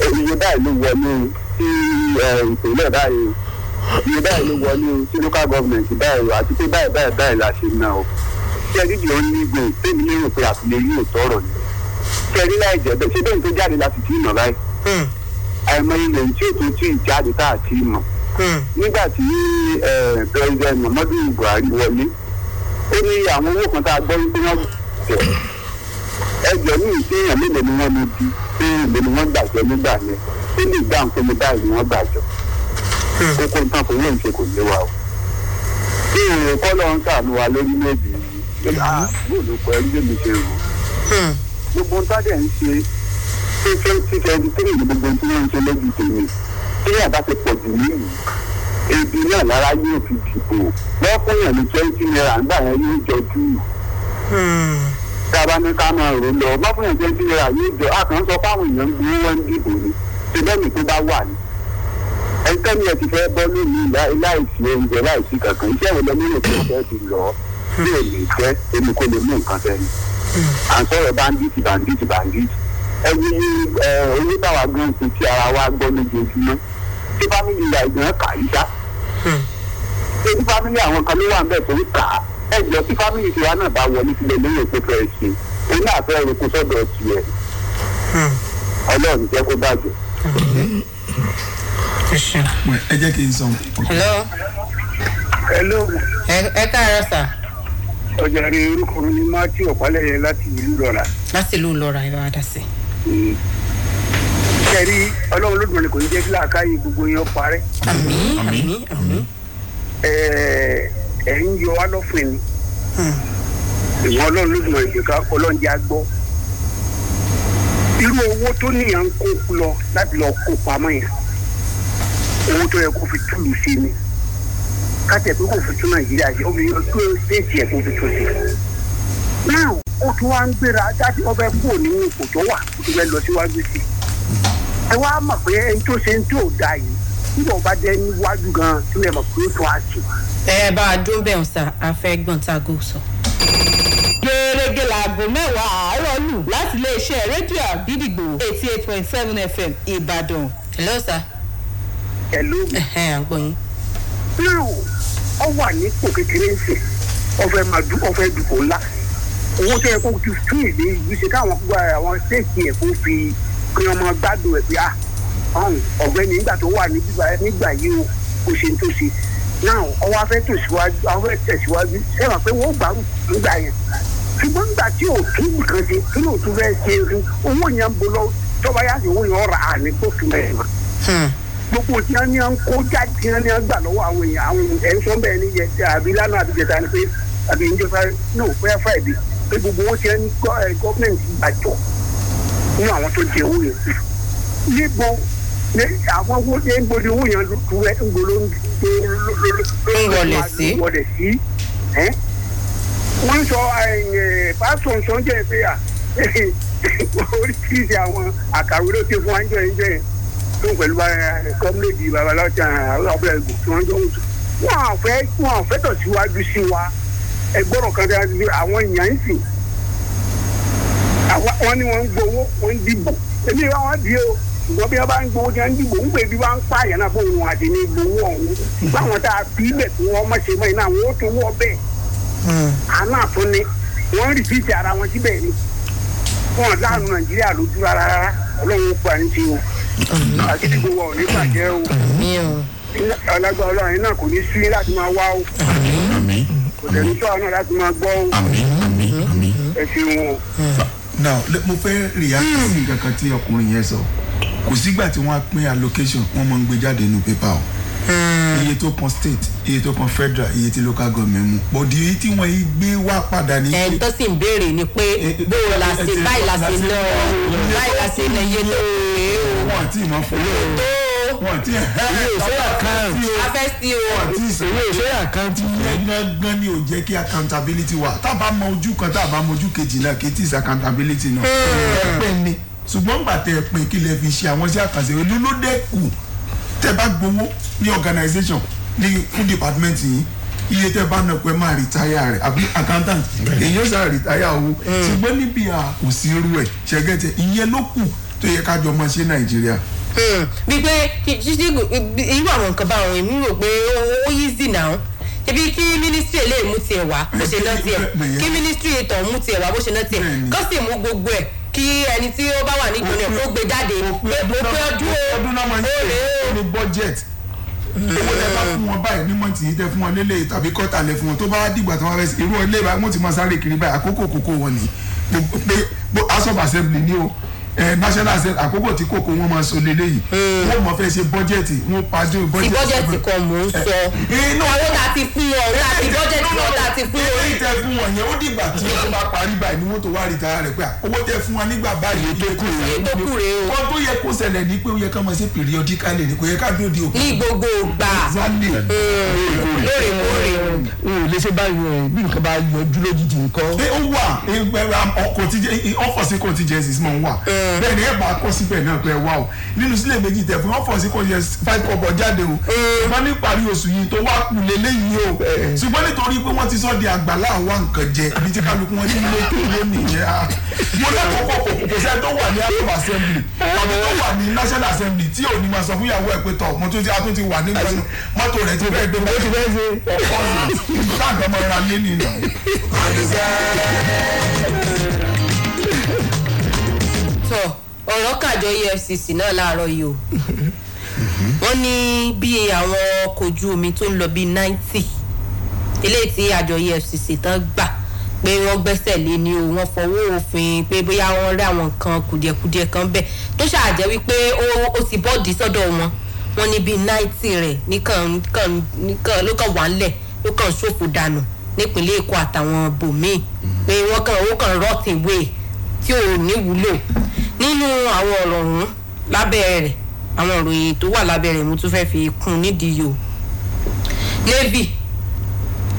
iye báyìí ló wọlé sí ìpínlẹ̀ báyìí iye báyìí ló wọlé sí local government báyìí àti pé báyìí báyìí báyìí la ṣe ná o ṣé dídì ó ní gbé tèmi lérò pé àtìlẹ yóò tọrọ ni ṣé rí láì jẹ bẹ́ẹ̀ ṣé bẹ́ẹ̀ tó jáde láti hmm. tí ì nà báyìí àìmọye lẹ́yìn tí ètò tí ì jáde tá à ti mọ̀ hmm. nígbà tí president muhammadu buhari wọlé ó ní àwọn owó kan tá a gbọ́ wípé wọ́n jẹ́ ẹgbẹ́ mi ìṣe èèyàn mélòó ni wọ́n mi bí pé èèyàn ni wọ́n gbàjọ nígbà yẹn tí lè gbà ń pé mi báyìí ni wọ́n gbàjọ. Hmm. kókó nǹkan kò yẹ ìṣe kò yé wa o. bí ìrìn kọ́ lọ ń sàánú wa lórílẹ̀‐èdè yìí yóò ah, hmm. ló kọ ẹrú mi ṣe rò. Hmm. gbogbo nǹkan dẹ̀ ń ṣe fífẹ́ fífẹ́ ẹni tí èèyàn gbogbo tí wọ́n ń ṣe lójú tèmi tí àbá ti pọ̀ jù nínú ebi náà lára yóò fi dìbò lọ́kùnrin ní twenty naira nígbà yẹn yóò jọjú tá a bá ní ká máa rò lọ gọ́fìnà jẹ́ ti ra yóò jọ àkàn sọ fáwọn èèyàn gbé wọn dìbò ni ṣe lẹ́nu tó bá wà ní. ẹnikẹ́ni ẹ ti fẹ́ bọ́ lónìí láìsí oúnjẹ láìsí kankan iṣẹ́ ìwé lọ́mọ yóò fẹ́ fẹ́ ti lọ bí èmi fẹ́ èmi kò lè mú nǹkan sẹ́ni. à ń sọ̀rọ̀ bandits bandits bandits ẹ oníbàwà gan ti ti ara wa gbọ́ lójoojúmọ́ tí fámìlì ìyá ìgbọ̀n kà í dá. Hmm. ṣé fámìlì àwọn kan ló wà ń bẹ̀ tó ń kà á ẹjọ́ tí fámìlì tiwa náà bá wọlé sílẹ̀ lórí èkó fẹ́ ṣe òun náà fẹ́ roko sọ́dọ̀ tiẹ̀ ọlọ́run jẹ́ kó bàjẹ́. ẹ jẹ́ kí n sọ. hello. Hello. ẹ káàárọ̀ sà. ọjà rẹ orúkọ mi ni matthew ọ̀pálẹ̀yẹ láti ìlú lọ́ra. láti ìlú lọ́ra ẹ bá dá sí. kẹrí ọlọ́run ló dùnrin kò ní jẹ́ kí làákàyè gbogbo yẹn parẹ́. Ami, ami, ami. ẹ̀ẹ́ ẹ̀ ń yọ wá lọ́fìn ni ìwọ̀n ọlọ́run ló dùn ìgbéka ọlọ́run jẹ́ àgbọ́ irú owó tó níyà ń kó lọ láti lọ kó pamọ́ yẹn owó tó yẹ kó fi túlù sí ni káṣẹ̀ pé kò fi tún nàìjíríà ṣe omi tó ṣèṣì ẹ̀ kó fi tún sí náà ó tún wá ń gbéra dájú ọbẹ̀ kúrò nínú ipò tó wà kó tó fẹ́ lọ síwájú sí ẹ wá mọ̀ pé ẹni tó ṣe ń tó dáa yìí tí bá jẹ níwájú gan tí wọn mọ tó a sùn. ẹ bá a dún bẹ́ẹ̀ sá a fẹ́ gbọ́n tá a gò sọ. gẹ́gẹ́ laago mẹ́wàá àárọ̀ lù láti iléeṣẹ́ rédíò àbídìgbò eighty eight point seven fm ìbàdàn. hello sir. hello. ẹ̀hẹ́n à ń yín. bírò ọ wà nípò kékeré ń sè ọfẹ màdú ọfẹ dùkọ ńlá owó tẹ ẹ kó tún ìlú ṣe káwọn gbogbo àwọn ṣéèkì ẹ kó fi kí wọn gbádùn ẹ pé ah japan ọ̀gbẹ́ni nígbà tó wà nígbà yìí o kò ṣe tó ṣe náà ọwọ́ afẹ́ tẹ̀síwájú afẹ́ tẹ̀síwájú sẹ́wọ̀n pé wọ́n gbà nígbà yẹn ṣùgbọ́n nígbà tí ò tún nǹkan ṣe tí ò tún fẹ́ ṣe fún owó yẹn ń bolo tọ́ba yá sí owó yẹn ọ̀rà àmì tó fi mẹ́rin mọ́ hmm. gbogbo tí wọ́n ní à ń kó jáde tí wọ́n ní à ń gbà lọ́wọ́ àwọn èèyàn àwọn ẹ̀ńsọ́ bẹ́ẹ̀ ni àbí lánàá àbí jẹta ni pé àbí ìjọba náà fẹ́ fàìdí pé gbogbo wọn ti ní gọ́ọ̀mẹ̀ntì gbàjọ́ nínú àwọn tó jẹ owó yẹn níbo ní àwọn owó ní gbòdì owó yẹn ló tu ẹ ń gbòòrò ń wọlé sí wọlé sí wọ́n sọ pásítọ̀ sọ́njẹ́ pé à oríṣiríṣi àwọn àkàwé ló ti fún wa ń jọ ẹ̀jẹ̀ tó pẹ̀lú kọ́mílẹ́dì babalájà ọ̀bẹ ẹ̀gbọ́n tí wọ́n jọ ń sọ wọn àfẹ́ wọn àfẹ́ tọ̀ síwájú sí wa ẹgbọ́rọ̀ kan dára sí àwọn èèyàn ń sìn wọn ni wọ́n ń gbowó wọ́n ń dìbò èmi ìwà wọn di o ṣùgbọ́n bí wọ́n bá ń gbowó jẹ́ ń dìbò ń pè bí wọ́n ń pààyàn náà fún òun àti ní gbowó ọ̀hún báwọn tá a fi ilẹ̀ tí wọ́n mọ̀ ṣe mọ́ iná àwọn ó tó wọ́ bẹ́ẹ̀ hmm. àná fún ni wọ́n rí fíìsì ara wọn síbẹ̀ ni wọn láàánú Nàìjíríà lójú rárá rárá Ọlọ́run ó pa ní hmm. ti o àti ti gbowó ọ̀hún ní bàjẹ́ o alágbá Ọlọ́run yìí náà kò ní sí láti máa wá o kò tẹ̀lé sọ́ọ̀ náà láti máa gbọ́ o ẹ ṣeun o. Hmm. now mo kò sígbà tí wọ́n á pín allocation wọ́n máa ń gbé jáde nínú pépà o hmm. iye tó kan state iye tó kan federal iye tí local government mu bọ̀dì èyí tí wọ́n gbé wá padà ní. ẹ̀ tó sì ń béèrè ni pé bó la ṣe báyìí la ṣe lọ báyìí la ṣe lọ iye ló rè é o. wọn àti ìmọ̀ fọlọ́ o accountability wà tá a bá mọ ojú kan tá a mọ ojú kejì náà kí it is accountability náà. Hmm ṣùgbọ́n gbà tẹ ẹ pé kí lẹ fi ṣe àwọn iṣẹ́ àkànṣe olólódé kù tẹ bá gbowó ní organisation ní fún department yìí iye tẹ bá nàpẹ máa rìtáyà rẹ àbí accountant èyí ó sà rìtáyà owó mm. ṣùgbọ́n níbi à kò sí irú ẹ̀ ṣẹ́gẹ́tẹ̀ ìyẹn ló kù tó yẹ kájọ máa ṣe nàìjíríà. Mm. bíi pé irú àwọn nǹkan bá àwọn èmi rò pé ó yí zì náà ebi kí ministry eléyìí mú tiẹ̀ wá bó ṣe ná tiẹ̀ kí ministry ètò mú tiẹ̀ wá bó ṣe ná tiẹ̀ kó mú gbogbo ẹ̀ kí ẹni tí ó bá wà ní ìjọba kó gbé jáde pé pé ọdún o ọdún náà máa ń ṣe é owó lẹ bá fún wọn báyìí ní mọ̀tì yìí tẹ fún wọn lélẹ̀ tàbí kọ́tà lẹ fún wọn tó bá wá dìgbà tó wá rẹ̀ sí irú ilé báyìí wọ́n ti máa sáré kiri báyìí àkókò kókó wọn ni pé house of o Eh, national assembly àkókò tí kòkó wọn máa so lélẹ̀ yìí hmm. wọn mọ̀ fẹ́ ṣe bọ́jẹ̀tì wọn pass dé bọ́jẹ̀tì. ti bọ́jẹ̀tì kan mò ń eh, sọ owó ta ti pín ọ̀hún àti bọ́jẹ̀tì wọn ta ti pín orí. ilé ìtẹ́ fún wọn yẹn ó dìgbà tí wọ́n tó bá parí báyìí ni wọ́n tó wá rí tara rẹ̀ pé ah, owó tẹ́ fún wa nígbà báyìí tó kù rẹ̀ o. kọ́ tó yẹ kó ṣẹlẹ̀ ní pé ó yẹ ká máa ṣe periodically ni kò yẹ ká dòde òkú. ní gbogbo gbà hmm. lóòrèkóòrè. o hmm. lè ṣe báyìí eh, bí nǹkan bá yọjú lójijì nǹkan. ó wà um, ọkọ̀ tí ọ́fọ̀sì contingencies máa ń wà. Eh. bẹ́ẹ̀ ni ẹ bá kọ síbẹ̀ náà pé wá o nínú sílẹ̀ méjì tẹ̀ fún ọ̀fọ̀ sí kò five kọ̀bọ̀ jáde o wọ́n eh. ní parí oṣù yìí tó wá kù lélẹ́yìí o eh. ṣùgbọ́n nítorí pé wọ́n ti sọ di àgbàlá àwa nǹkan jẹ ibi tí kálukú wọn ní ilé tó lé nìyẹn a ah. mo lẹ́kọ̀ọ́ kò kò sẹ́ni tó wà ní house assembly tàbí tó wà ní national assembly tí ò ní máa sọ fún ìyàwó ẹ̀ pé tọ̀ mo tó ti a tó ti wà nínú tọ ọ̀rọ̀ kàjọ efcc náà láàárọ̀ yìí o wọ́n ní bí àwọn ọkọ̀ ojú omi tó ń lọ bíi ninety eléyìí tí àjọ efcc tán gbà pé wọ́n gbẹ́sẹ̀ lé ni o wọ́n fọwọ́ òfin pé bóyá wọ́n rí àwọn nǹkan kùdìẹ̀kùdìẹ̀ kan bẹ́ẹ̀ tó ṣàjẹ́ wípé ó ti bọ́ọ̀dì sọ́dọ̀ wọn wọ́n ní bíi náìtì rẹ̀ nìkan ló kàn wà ńlẹ̀ ló kàn ṣòfò dànù nípínlẹ̀ èkó àtàwọn bòmíì pé wọ́n kàn rọ́ọ̀tì wéè tí ò ní wúlò nínú àwọn ọ̀rọ̀ ọ̀hún lábẹ́ rẹ̀ àwọn ìròyìn tó wà lábẹ́ rẹ̀ mo tún fẹ́ fi kún nídìí yìí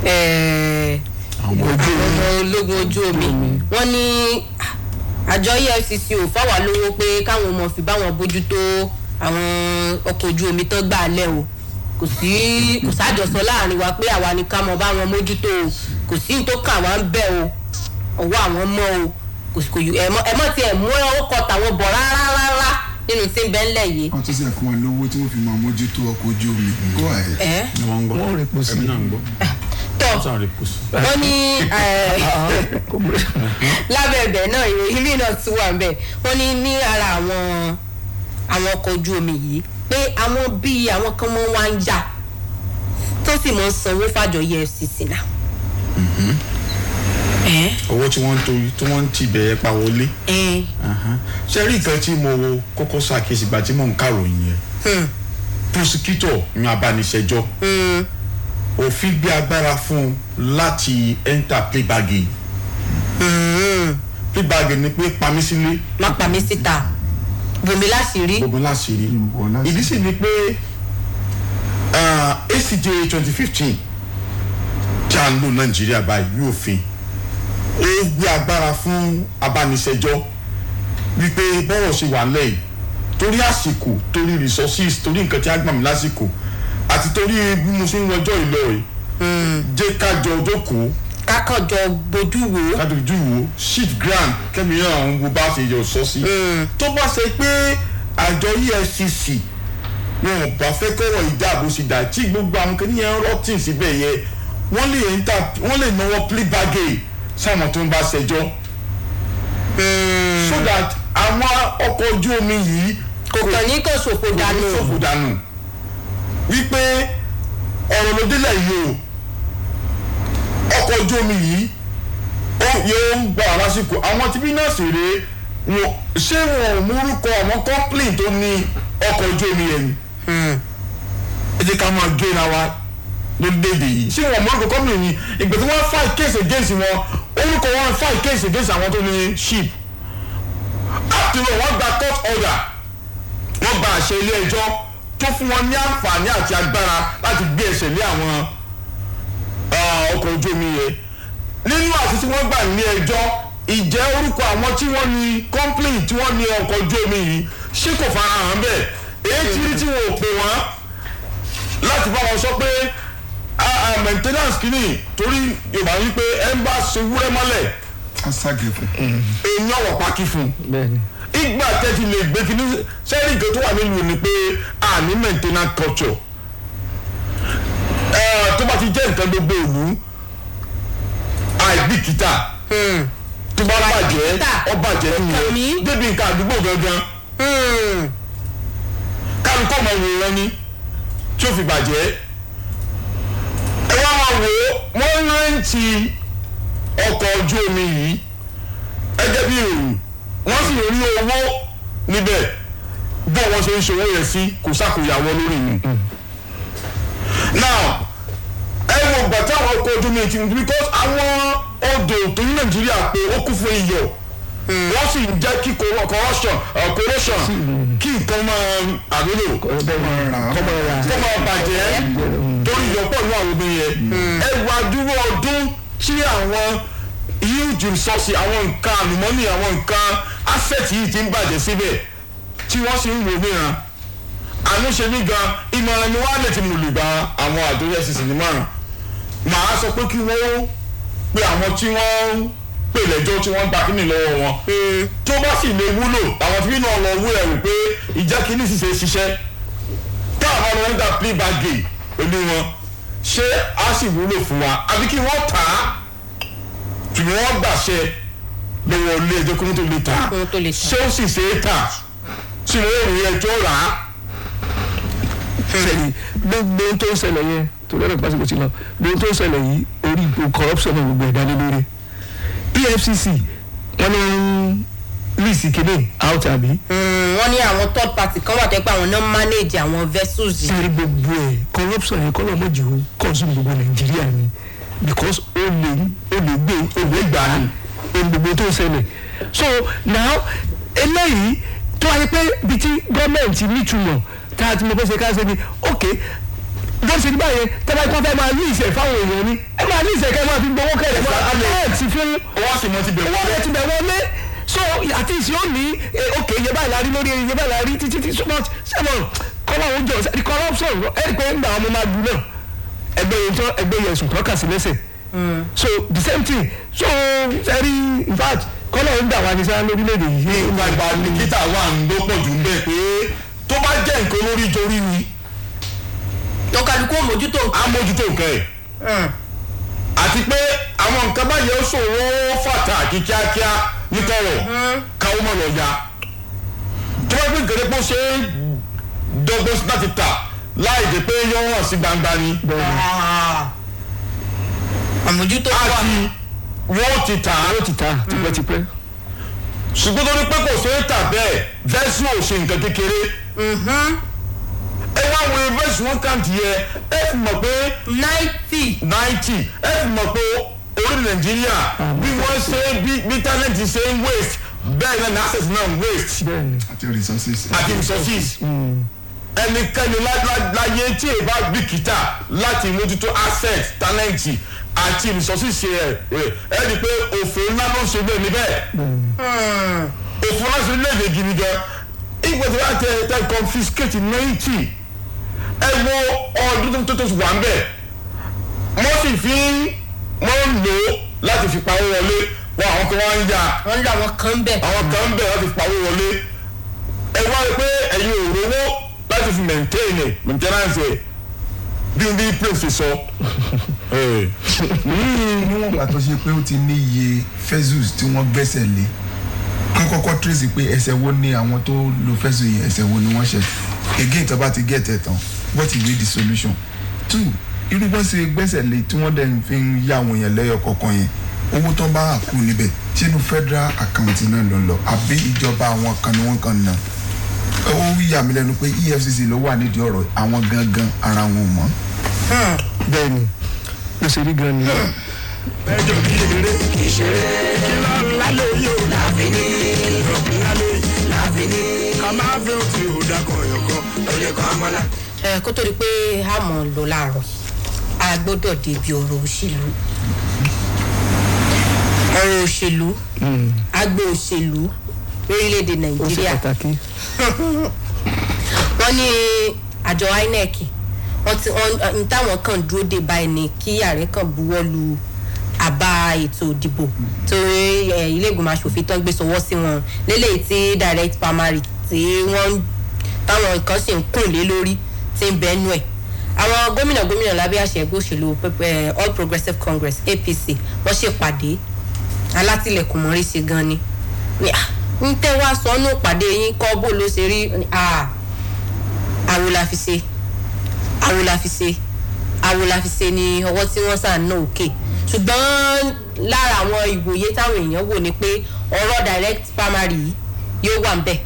o eh, navy ológun ojú omi wọ́n ní àjọ efcc ò fáwà lówó pé káwọn ọmọ fi báwọn bójú tó àwọn ọkọ̀ ojú omi tán gbà lẹ̀ o kò sí kò sájọsọ láàrin wa pé àwa ni ká mọ báwọn mójútó o kò sí ní tó ń bẹ̀ o ọwọ́ àwọn mọ́ o kò yù ẹ̀mọ́ ẹ̀mọ́ ti ẹ̀ mú ọkọ̀ tàwọn bọ̀ rárá nínú tí ń bẹ́ ń lẹ̀ yìí. wọ́n tún sẹ̀ fún ẹ lówó tí wọ́n fi máa mójútó ọkọ̀ ojú omi kó ẹ ẹ wọ́n gbọ́ wọ́n rí kó náà ń gbọ́. Ah, tọ́ wọ́n ní lábẹ́ náà ìrírí náà ti wà bẹ́ẹ̀ wọ́n ní ní ara àwọn àwọn ọkọ̀ ojú omi yìí pé àwọn bíi àwọn kan mọ́ wá ń jà tó sì mọ́ sanwó fàjọ efcc náà. Mm-hmm. Eh. owó tí wọ́n ń torí tí wọ́n ń tibẹ̀ pa wọlé eh. ṣe rí nǹkan tí mo kọ́kọ́ ṣàkíyèsí ìgbà tí mò ń kàròyìn yẹn hmm. prosecutor ní abániṣẹjọ́ hmm. òfin gbé agbára fún un láti enter play bargain hmm. play bargain ni pé pamí sílé. má pamí síta bòmí láṣìírí. bòmí láṣìírí ìdí sì ni pé uh, acj twenty fifteen tí a ń lò nàìjíríà báyìí yóò fin pé gbé agbára fún abániṣẹjọ́ wípé bọ́rọ̀ ṣe wà lẹ́yìn torí àsìkò torí resources torí nǹkan tí a gbà mí lásìkò àti torí bí mo ṣe ń rọjọ́ ìlọ yìí hmm. jẹ́ kájọ ojókòó kákọ̀jọ bojú wo kájọjú wo shit ground kẹ́mi náà ń wo bá ṣe yọ sọ sí. Hmm. tó bá ṣe pé àjọ EFCC wọn ò bá fẹ́ kọ́rọ̀ ìdáàbò sí dà tí gbogbo àwọn kìnìyàn rọ́tìn síbẹ̀ yẹ wọ́n lè náwó plea bargain sáwọn tó ń bá ṣẹjọ́ hmm. so that àwọn ọkọ̀ ojú omi yìí kò kàn ní kò ṣòfò dànù kò ní ṣòfò dànù wípé ọ̀rọ̀ ló délẹ̀ yìí o ọkọ̀ ojú omi yìí ó yóò ń gbà lásìkò àwọn tibí náà sì rèé ṣé wọn ò múrúkọ àwọn complain tó ní ọkọ̀ ojú omi yẹn hmm. ẹ jẹ́ ká máa gé ra wa lórílẹ̀‐èdè yìí ṣé wọn ò múrúkọ complain yìí ìgbà tí wọ́n fight case against wọn orúkọ wọn file case against àwọn tó ní ship after all wọ́n gba court order wọ́n gba àṣẹ ilé ẹjọ́ tó fún wọn ní àǹfààní àti agbára láti gbé ẹsẹ̀ lé àwọn ọkọ̀ ojú omi yẹn nínú àṣẹ tí wọ́n gbà ní ẹjọ́ ìjẹ́ orúkọ àwọn tí wọ́n ní complain tí wọ́n ní ọkọ̀ ojú omi yìí ṣé kò fara hàn bẹ́ẹ̀ èyí tí rí tí wọn ò pè wọ́n láti bá wọn sọ pé maintenance kìíní tori yorùbá yìí pé ẹ ń bá sowúrẹ́ mọ́lẹ̀. fun wọ̀ pákí fún un. ìgbà tẹ́tí lè gbé kìíní sẹ́rí tó ni a ní maintenance culture. tó bá ti jẹ́ gbogbo ìlú àìbìkítà hmm. tó bá bàjẹ́ ọ bàjẹ́ nìyẹn débi nǹkan àdúgbò gangan. Hmm. kálukọ́ ọmọ ìwòran ni tí fi bàjẹ́. wá wò ó wọ́n rẹ́ǹtì ọkọ̀ ojú omi yìí ẹgẹ́ bí èrò wọ́n sì rí owó níbẹ̀ bó wọ́n ṣe ń ṣòwò yẹn sí kò sàkóyà lórí mi. now ẹ wo gbàtà àwọn ọkọ̀ ojú omi ti because àwọn odò tó ní nàìjíríà pé ó kún fún iyọ̀ Hmm. wọ́n sì ń jẹ́ kí corruption uh, corruption kí nǹkan máa àdúrò kọ́ máa bàjẹ́ hmm. torí àwọn obìnrin yẹn hmm. ẹ dúró ọdún tí àwọn huge resources àwọn nǹkan àlùmọ́nì àwọn nǹkan yìí ti ń bàjẹ́ síbẹ̀ tí wọ́n sì ń wò ìmọ̀ràn ni wọ́n á lè ti àwọn àdúrà ẹ̀sìn sinimá màá sọ pé kí wọ́n pe àwọn tí wọ́n pè lẹ́jọ́ tí wọ́n ń gba kíní lọ́wọ́ wọn. tó bá sì lè wúlò àwọn tí náà lọ wú ẹ̀rù pé ìjẹ́ kíní sì ṣe ṣiṣẹ́ táwọn ọmọ nígbà play by game pẹ̀lú wọn ṣé a sì wúlò fún wa àbí kí wọ́n tà á kí wọ́n gbàṣẹ lọ́wọ́ ilé ẹjọ́ kó tó lè tà á ṣé ó sì ṣe é tà sí lórí ẹjọ́ rà á. sẹ́yìn gbogbo tó ń ṣẹlẹ̀ yẹn tó lọ́dọ̀ pàṣẹ kò sí lọ gbogbo tó ń ṣẹlẹ̀ yìí orí ìgbò corruption náà gbogbo ẹ̀dá efcc wọ́n ní lease kebe out àbí. Hmm, wọ́n ní àwọn third party kan wà tẹ́ pé àwọn náà manage àwọn vessels yìí. sẹ́rí gbogbo ẹ̀ corruption yẹn kọ́lọ́ mọ̀jì ó consume gbogbo nàìjíríà ni because ó lè ó lè gbé òwe gbà á gbogbo tó ṣẹlẹ̀ so now eléyìí tó wáyé pé bíi ti gọ́ọ̀mẹ̀ntì nítumọ̀ tá a ti mọ̀ pé ṣe ká ṣe ni okay bó ṣe ní báyẹn tẹ́lá ikọ́ fẹ́ máa ní ìṣe fáwọn èèyàn ni ẹ máa ní ìṣe kẹ́ máa fi gbowó kẹ́lẹ̀ fún ẹ ti fún owó sì mọ́ ti bẹ̀ wọlé ti bẹ̀ wọlé so àti ìṣe ó ní òkè e, iye báyìí la rí lórí iye báyìí la rí títí tí so much sẹ́wọ̀n kọ́lá oúnjẹ ọ̀sẹ̀ corruption ẹ̀rí pé ń gbà wọn máa dùn náà ẹgbẹ́ yẹn tó ẹgbẹ́ yẹn sùn tọ́ka sí lẹ́sẹ̀ hmm. so the same thing so ẹ̀rí in fact kọ́lá ń gbà wá ní sáyẹn lórílẹ̀‐èdè yìí. ìgbà ìgbà ní kíta wà ń lọ́pọ̀ jù ń bẹ́ẹ̀ pé tó bá jẹ́ nǹkan lórí jorí ni tọkàlùkù mójútó nǹkan. a mójútó nǹkan yìí. àti pé àwọn nǹkan báyìí ó ṣòro fàtà kí kíákíá nítọ̀rọ̀ káwọ́ mọ̀ lọ́jà. tí wọ́n pín kéré pọ́ ṣe é dọ́gbọ́n láti tà láì dé pé yọ hàn sí gbangba ni. àmójútó wà. àti wọ́n ti tà á. wọ́n ti tà á tipẹ́tipẹ́ ṣùgbọ́n tó ní pé kò ṣeé tà bẹ́ẹ̀ vẹ́sùn ò ṣe nǹkan kékeré ẹ wá wo verse one count yẹ ẹ fi mọ̀ pé. ninety. ninety ẹ fi mọ̀ pé orí nàìjíríà bí wọ́n ṣe bí bí talent ṣe ń waste bẹ́ẹ̀ náà ní access náà ń waste. àti resources. àti resources. Hmm. ẹnikẹ́ni láyé tí èèbá bìkítà láti mójútó access talent àti resources rẹ̀ ẹ̀ ẹ́ di pé òfò ńlá ló ń ṣe bẹ́ẹ̀ níbẹ̀ hmm. òfò ńlá ṣe lè dè gidi gan ìgbà tí wọ́n á confiscate ninety ẹ wo ọdún tó tó wà ń bẹ̀ wọ́n sì fi wọ́n lò ó láti fi pawó wọlé wọn àwọn kan wá ń yà wọ́n yà wọ́n kan bẹ̀ àwọn kan ń bẹ̀ láti fi pawó wọlé ẹ wá rí pé ẹ̀yin ò rówó láti fi maintain maintenance ẹ̀ bí n bí prince sọ. níwọ̀n ìgbà tó ṣe pé ó ti ní iye fesals tí wọ́n gbẹ́sẹ̀ lé kí kọ́kọ́ tracy pé ẹsẹ̀ wo ni àwọn tó lo fesal yẹn ẹsẹ̀ wo ni wọ́n ṣẹ̀ again tó bá ti get ẹ̀ tán what will be the solution two irú bọ́ ṣe gbẹ́sẹ̀ lé tí wọ́n dẹ̀ fi ń yá àwọn èèyàn lẹ́yọ kọ̀ọ̀kan yẹn owó tó ń bá àkú níbẹ̀ sínú federal account náà ló ń lọ àbí ìjọba àwọn kan ni wọ́n kàn ná ó yà mí lẹ́nu pé EFCC ló wà nídìí ọ̀rọ̀ àwọn gangan ara wọn mọ́. bẹ́ẹ̀ ni mo ṣe rí gan ni. ẹjọ kì í ṣeré kì í ṣeré kí lọ́ọ́ lálẹ́ yóò láfi ní lọ́ọ́ láfi ní ẹ kó tó di pé a mọ̀ ń lò láàárọ̀ a gbọ́dọ̀ débi ọ̀rọ̀ òṣèlú ọ̀rọ̀ òṣèlú agbo hmm. òṣèlú lórílẹ̀‐èdè nàìjíríà wọ́n ní àjọ inec wọ́n ti ń táwọn kan dúró dé báyìí ni kí ààrẹ kan buwọ́ lu àbá ètò ìdìbò torí ilé ìgbìmọ̀ asòfin tó ń gbé sọwọ́ sí wọn lélẹ́yìí tí direct primary tí wọ́n táwọn nǹkan sì ń kùn lé lórí tí ń bẹ nú ẹ̀ àwọn gómìnà gómìnà lábẹ́ àṣẹ ẹgbẹ́ òṣèlú all progressives congress apc wọ́n ṣèpàdé alátìlẹ̀kùn mọ́rí ṣe gan ni ń ah, tẹ́ wá sọ ọ́nà pàdé yín kọ́ bó ló ṣe rí ah, àwo la fi ṣe àwo la fi ṣe àwo la fi ṣe ni ọwọ́ tí wọ́n sàn náà òkè ṣùgbọ́n lára àwọn ìwòye táwọn èèyàn wò ni pé ọ̀rọ̀ direct primary yóò wà ń bẹ̀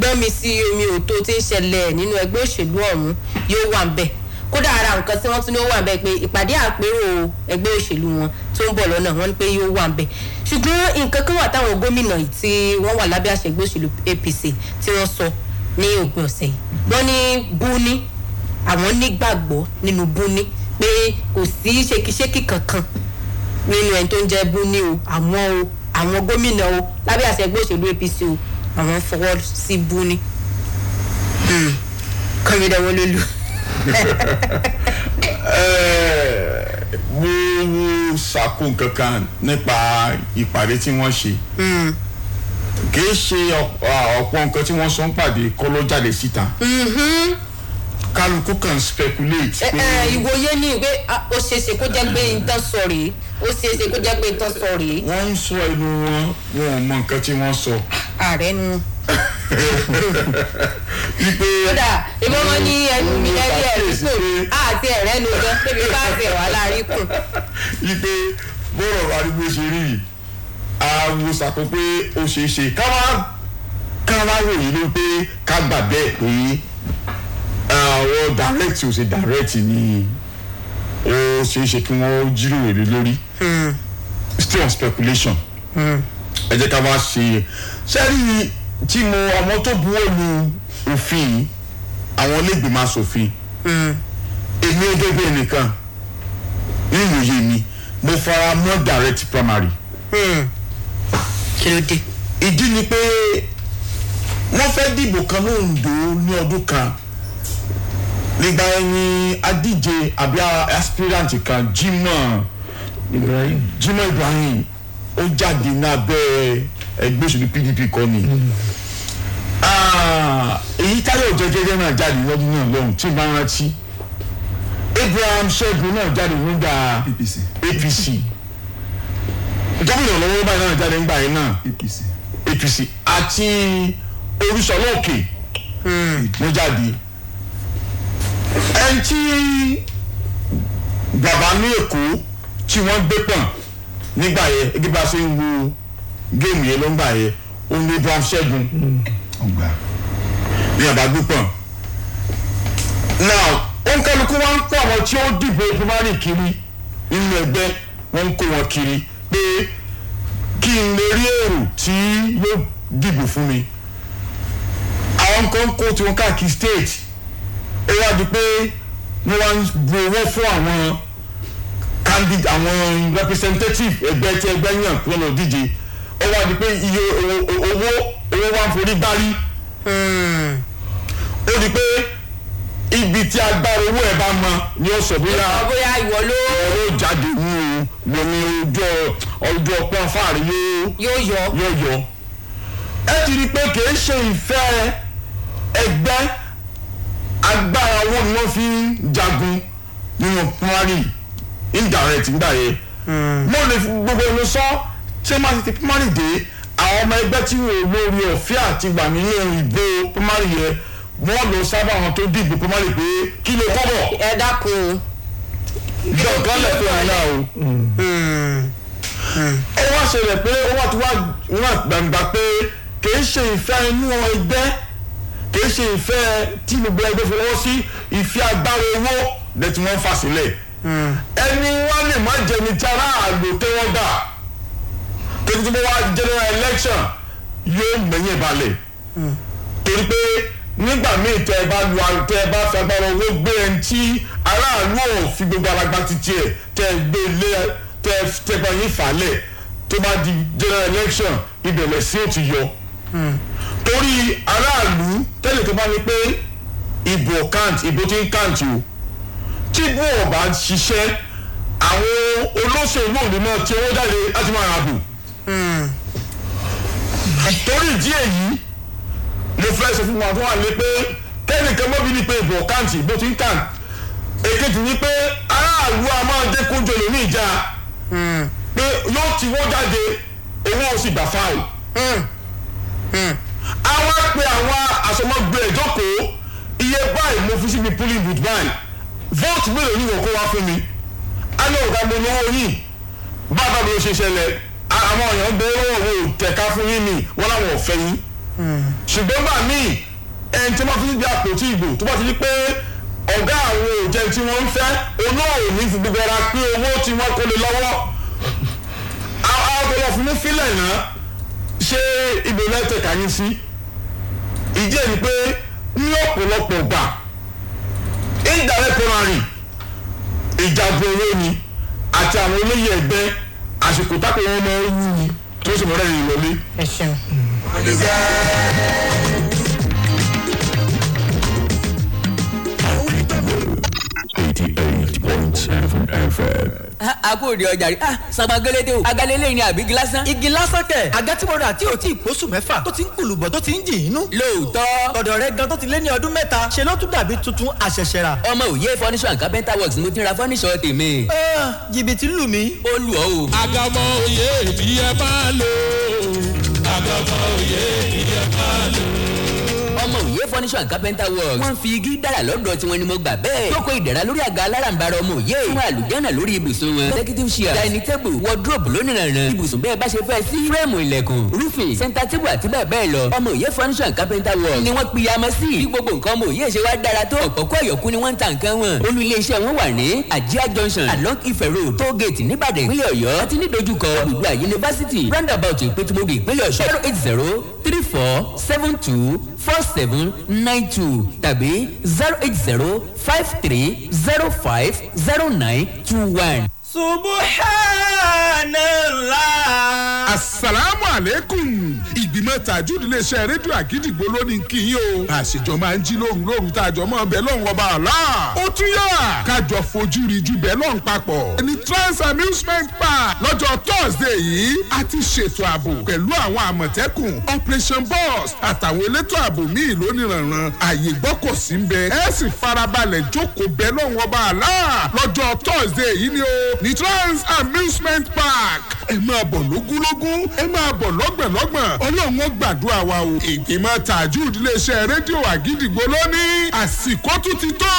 gbọ́nmi sí omi òtó tí ń ṣẹlẹ̀ nínú ẹgbẹ́ òṣèlú ọ̀hún yóò wà ń bẹ̀ kódà ara nǹkan tí wọ́n tún ní ó wà ń bẹ̀ pé ìpàdé àpérò ẹgbẹ́ òṣèlú wọn tó ń bọ̀ lọ́nà wọn ni pé yóò wà ń bẹ̀ ṣùgbọ́n nǹkan kan wà táwọn gómìnà tí wọ́n wà lábẹ́ àṣẹ ẹgbẹ́ òṣèlú apc tí wọ́n sọ ní òpin ọ̀sẹ̀ yìí wọ́n ní búni àwọn nígbàgbọ́ nínú búni pé kò sí ṣekíṣekí kankan nínú ẹni tó ń jẹ́ búni o àwọn o àwọn gómìnà o lábẹ́ àṣẹ ẹgbẹ́ òṣèlú apc o àwọn fọwọ́ sí bú ni hmm. kọ́mi dẹ́wọ́ ló lù. Eh, mo wo ṣàkó kankan nípa ìpàdé tí wọ́n ṣe hmm. kìí ṣe ọ̀pọ̀ nǹkan tí wọ́n sọ ń pàdé kọ́ ló jáde síta mm-hmm. kálukú kan speculate. Eh, eh, ìwòye ni ìwé ó ṣeéṣe kó jẹ́ pé nǹkan sọ rèé ó ṣeé ṣe kó jẹ́ pé tó sọ rèé. wọ́n ń sọ inú wọn wọn ò mọ nǹkan tí wọ́n sọ. ààrẹ nu. ipe kódà ibi wọn ní ẹnu mi lẹ́rí ẹ̀rí kù àti ẹ̀rẹ́ nu gan débi bá ṣe wà láàrin kù. ipe bọ́rọ̀ ariwo ṣe rí yìí àwọn sàkó pé ó ṣeé ṣe káwá káwá ròyìn ló pé ká gbà bẹ́ẹ̀ pé àwọn direct ò ṣe direct ni ó ṣeé ṣe kí wọ́n jíròrò lórí hmm. still on speculation hmm. ẹ jẹ́ ká wá ṣe sẹ́rí tí mo àwọn tó buwọ́ lu òfin àwọn olégbèmọ̀ aṣòfin hmm. èmi gẹ́gẹ́ nìkan ní mi mo fara mọ́ direct primary. kí ìdí ni pé wọ́n fẹ́ dìbò kan ní Ondo ní ọdún kan nígbà ẹni adíje àbí aspirant kan jimoh jimoh ibrahim ó jáde ní abẹ́ ẹgbẹ́ òṣèlú pdp kọ́ ni ah, èyí táyọ̀ jẹjẹrẹ náà jáde lọ́dún náà lọ́hùn tí bá rántí abraham ṣẹ́gun náà jáde nígbà apc gómìnà lọ́wọ́ báyìí náà jáde nígbà yẹn náà apc àti oríṣiríṣi ọlọ́ọ̀kẹ́ hmm. ló jáde ẹnití bàbá ní èkó tí wọ́n gbé pọ̀n nígbà yẹn igi bá ṣe ń wo géèmù yẹn ló ń gbà yẹn òun ni bọ́m ṣẹ́gun ní ọ̀bá gbé pọ̀n. now ònkálukú wa ń kó àwọn tí ó dìbò primary kiri nínú ẹgbẹ́ wọ́n ń kó wọn kiri pé kí n lè rí èrò tí yóò dìbò fún mi àwọn kan kó tiwọn káàkiri state ó wá di pé wọ́n wá ń bu owó fún àwọn candid àwọn representative ẹgbẹ́ tí ẹgbẹ́ yàn kúrò lọ díje ó wá di pé iye owó owó wá ń forí gbárí hmm. ó di pé ibi tí agbára owó ẹ bá mọ ni ó sọ bóyá bóyá ìwọ ló ló jáde ní o mo ní ojú ọjọ́ ọpọ́n fáàrí yóò yọ yóò yọ ẹ ti rí i pé kì í ṣe ìfẹ́ ẹgbẹ́ agbára owó ni wọ́n fi ń jagun nínú primary indirect nígbà yẹn hmm. mo lè fi gbogbo ẹni sọ ṣé má ti ti primary dé àwọn ọmọ ẹgbẹ́ tí wọ́n lórí ọ̀fẹ́ àti wà nínú ìbò primary yẹn wọ́n lọ sábà wọn tó dìbò primary pé kí ló kọ́ bọ̀. ẹ dákun o. ìjọba lẹ́kọ̀ọ́ ẹ̀ náà o ó hmm. hmm. wá ṣẹlẹ̀ pé ó wá ti wá gbangba pé kì í ṣe ìfẹ́ inú ẹgbẹ́ kì í ṣe ìfẹ́ tìlú bẹ́ẹ̀ tó fọwọ́ sí ìfẹ́ agbára owó lẹ́ tí wọ́n fà sílẹ̀ hmm. ẹni wọn lè má jẹni tí aráàlú tẹ́wọ́ gbà torí tí wọ́n wá general election yóò mẹ́yìn balẹ̀ hmm. torí pé nígbà míì tẹ ẹ bá lu àrùn tẹ ẹ bá fi agbára owó gbé ẹni tí aráàlú ò fi gbogbo alágbá ti tiẹ̀ tẹ ẹ gbé ilé tẹ ẹ tẹ gbọ́n yín fàálẹ̀ tó bá di general election ìbẹ̀rẹ̀ sí ò ti yọ torí aráàlú tẹ́lẹ̀ tó bá ní pé ìbò kant ìbò tí ń kant o tí bó ọba ṣiṣẹ́ àwọn olóṣèlú òní náà tí owó jáde láti máa bù. torí ìdí èyí mo fẹ́ sọ fún wa fún wa ní pé kẹ́nìkan mọ́bí ní pé ìbò kant ìbò tí ń kant èkejì ni pé aráàlú a máa dé kójú lómi ìjà pé yóò ti wọ́n jáde owó ó sì fáwọn. Hmm. a wá pe àwọn àsọmọgbé ìjókòó iye báyìí mo fi síbi polling booth báyìí vote mélòó ni wọ́n kó wá fún mi a ní òkà mo lówó yìí bàbá mi ò ṣe ṣẹlẹ̀ àwọn èèyàn gbé owó tẹ̀ka fún yín ni wọ́n láwọn ò fẹ́ yín hmm. ṣùgbọ́n bá mi ẹni tí wọ́n fi di àpótí ìbò tó bá ti di pé ọ̀gá àwọn òjẹ́ tí wọ́n ń fẹ́ olóòní fi gbogbo ara pé owó tí wọ́n kó lè lọ́wọ́ àwọn ọkọ̀ fún mi fílẹ̀ náà ṣé ibo lẹ́tẹ̀ káyé sí ìjẹ́ ni pé ní ọ̀pọ̀lọpọ̀ gbà indirect primary ìjagun owó ni àti àwọn olóyè ẹgbẹ́ àsìkò tápẹ̀ wọn máa ń wú ni tó sì mọ́ra ìrìn lọlé. ẹ ṣeun. eighty eight point seven fm. a ah, kò rí ọjà rí ah sàgbàgẹ́lẹ́dẹ́ o agalẹ́lẹ́ ni àbí igi lásán. igi lásán kẹ̀ àga tí mo rà tí o tí ì pósù mẹ́fà tó ti ń kùlùbọ̀ tó ti ń jìn inú. lóòótọ́ ọ̀dọ̀ rẹ gan tó ti lé ní ọdún mẹ́ta ṣe ló tún dàbí tuntun àṣẹ̀ṣẹ̀ rà. ọmọ òye fọníṣọ and carpenter works mo ti ra fọníṣọ tèmi. Ah, jìbìtì lù mí. ó lù ọ́ o. àgàmọ òye ìdíyẹ máa lò àgàmọ òye ìdíyẹ máa lò furniture and carpenter works wọ́n fi igi dára lọ́dọ̀ tiwọn ni mo gbà bẹ́ẹ̀ tókò ìdẹ̀ra lórí àga alárànbarà ọmọ òye fún àlùjánà lórí ibùsùn wọn executive chair dining table wardrobe lónìrànràn ibùsùn bẹ́ẹ̀ bá ṣe fẹ́ sí fírẹ́mù ilẹ̀kùn roofing center table àti bẹ́ẹ̀ bẹ́ẹ̀ lọ ọmọ òye furniture and carpenter works ni wọ́n pe yamọ́ sí bí gbogbo nǹkan ọmọ òye ṣe wá dára tó ọ̀pọ̀kọ́ ọ̀yọ́kú ni wọ́n ń ta nǹkan wọn olú iléeṣẹ́ wọn wà ní àjíá junction along ife road toll gate nìbàdàn ìpínlẹ̀ ọ̀yọ́ àti nídojúkọ gbùgbà yunifásitì roundabout ìpẹ́tùmọ́dù ìpínlẹ̀ ọ̀ṣọ́ zero eight zero three four seven two four seven nine two tàbí zero eight zero five three zero five zero nine two one. subhanallah. asalaamualeykum ìgbìmọ̀ tajud iléeṣẹ́ rédíò àgídìgbò lónìí ń kíyìn o àṣejọ máa ń jí lóru lóru tàjọ mọ́ bẹ́ẹ̀ lọ́hùn ọba àlá ó tún yà kájọ fojú rí ju bẹ́ẹ̀ lọ́hùn papọ̀ ẹni trans amusement park lọ́jọ́ thursday yìí a ti ṣètò ààbò pẹ̀lú àwọn àmọ̀tẹ́kùn operation boss àtàwọn elétò ààbò míì lóníranran àyè gbọ́kọ̀ sí ń bẹ ẹ sì farabalẹ̀ jókòó bẹ́ẹ̀ lọ́hùn ọba àlá lọ́jọ́ thursday yìí ni o ní trans amusement park ẹ máa bọ̀ lógúnlógún ẹ máa bọ̀ lọ́gbọ̀nlọ́gbọ̀n ọlọ́run ọlọ́run gbàdúrà wa o ìgbìmọ̀ tàjú iléeṣẹ́ rédíò àgídìgbò lónìí àsìkò tún ti tó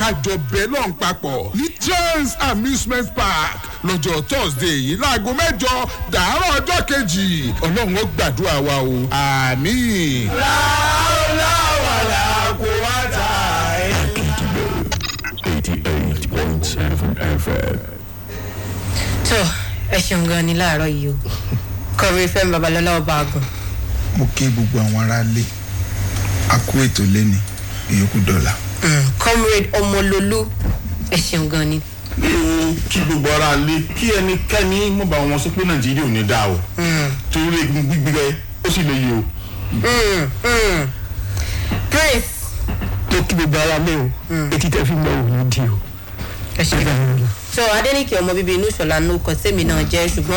kájọ bẹ́ẹ̀ náà papọ̀ ní james amusement park lọ́jọ́ thursday yìí láago mẹ́jọ dàárọ̀ ọjọ́ kejì ọlọ́run gbàdúrà wa o àmín. láòláwàlà kò wá ta ẹ̀. eighty eight point seven fm. tó ẹ ṣeun gan ni láàárọ̀ yìí o kọrin fẹ́ babalọ́lá ọba àgùn mo kí gbogbo àwọn aráalé a kú ètò lẹ́ni ìyókù dọ́là. Mm, comrade ọmọlolú ẹ ṣeun gan ni. mi ò kí gbogbo aráalé kí ẹnikẹ́ni mọ̀ bá wọn sọ pé nàìjíríà ò ní dáa o mm. torí gbígbẹ ó sì lè yẹ o. Mm, praise. mo kí gbogbo aráalé o etí tẹ fi mọ òun di o. ẹ ṣe so adenike ọmọ bíbí inú ìṣọ̀lá ló kọ sẹ́mi náà jẹ́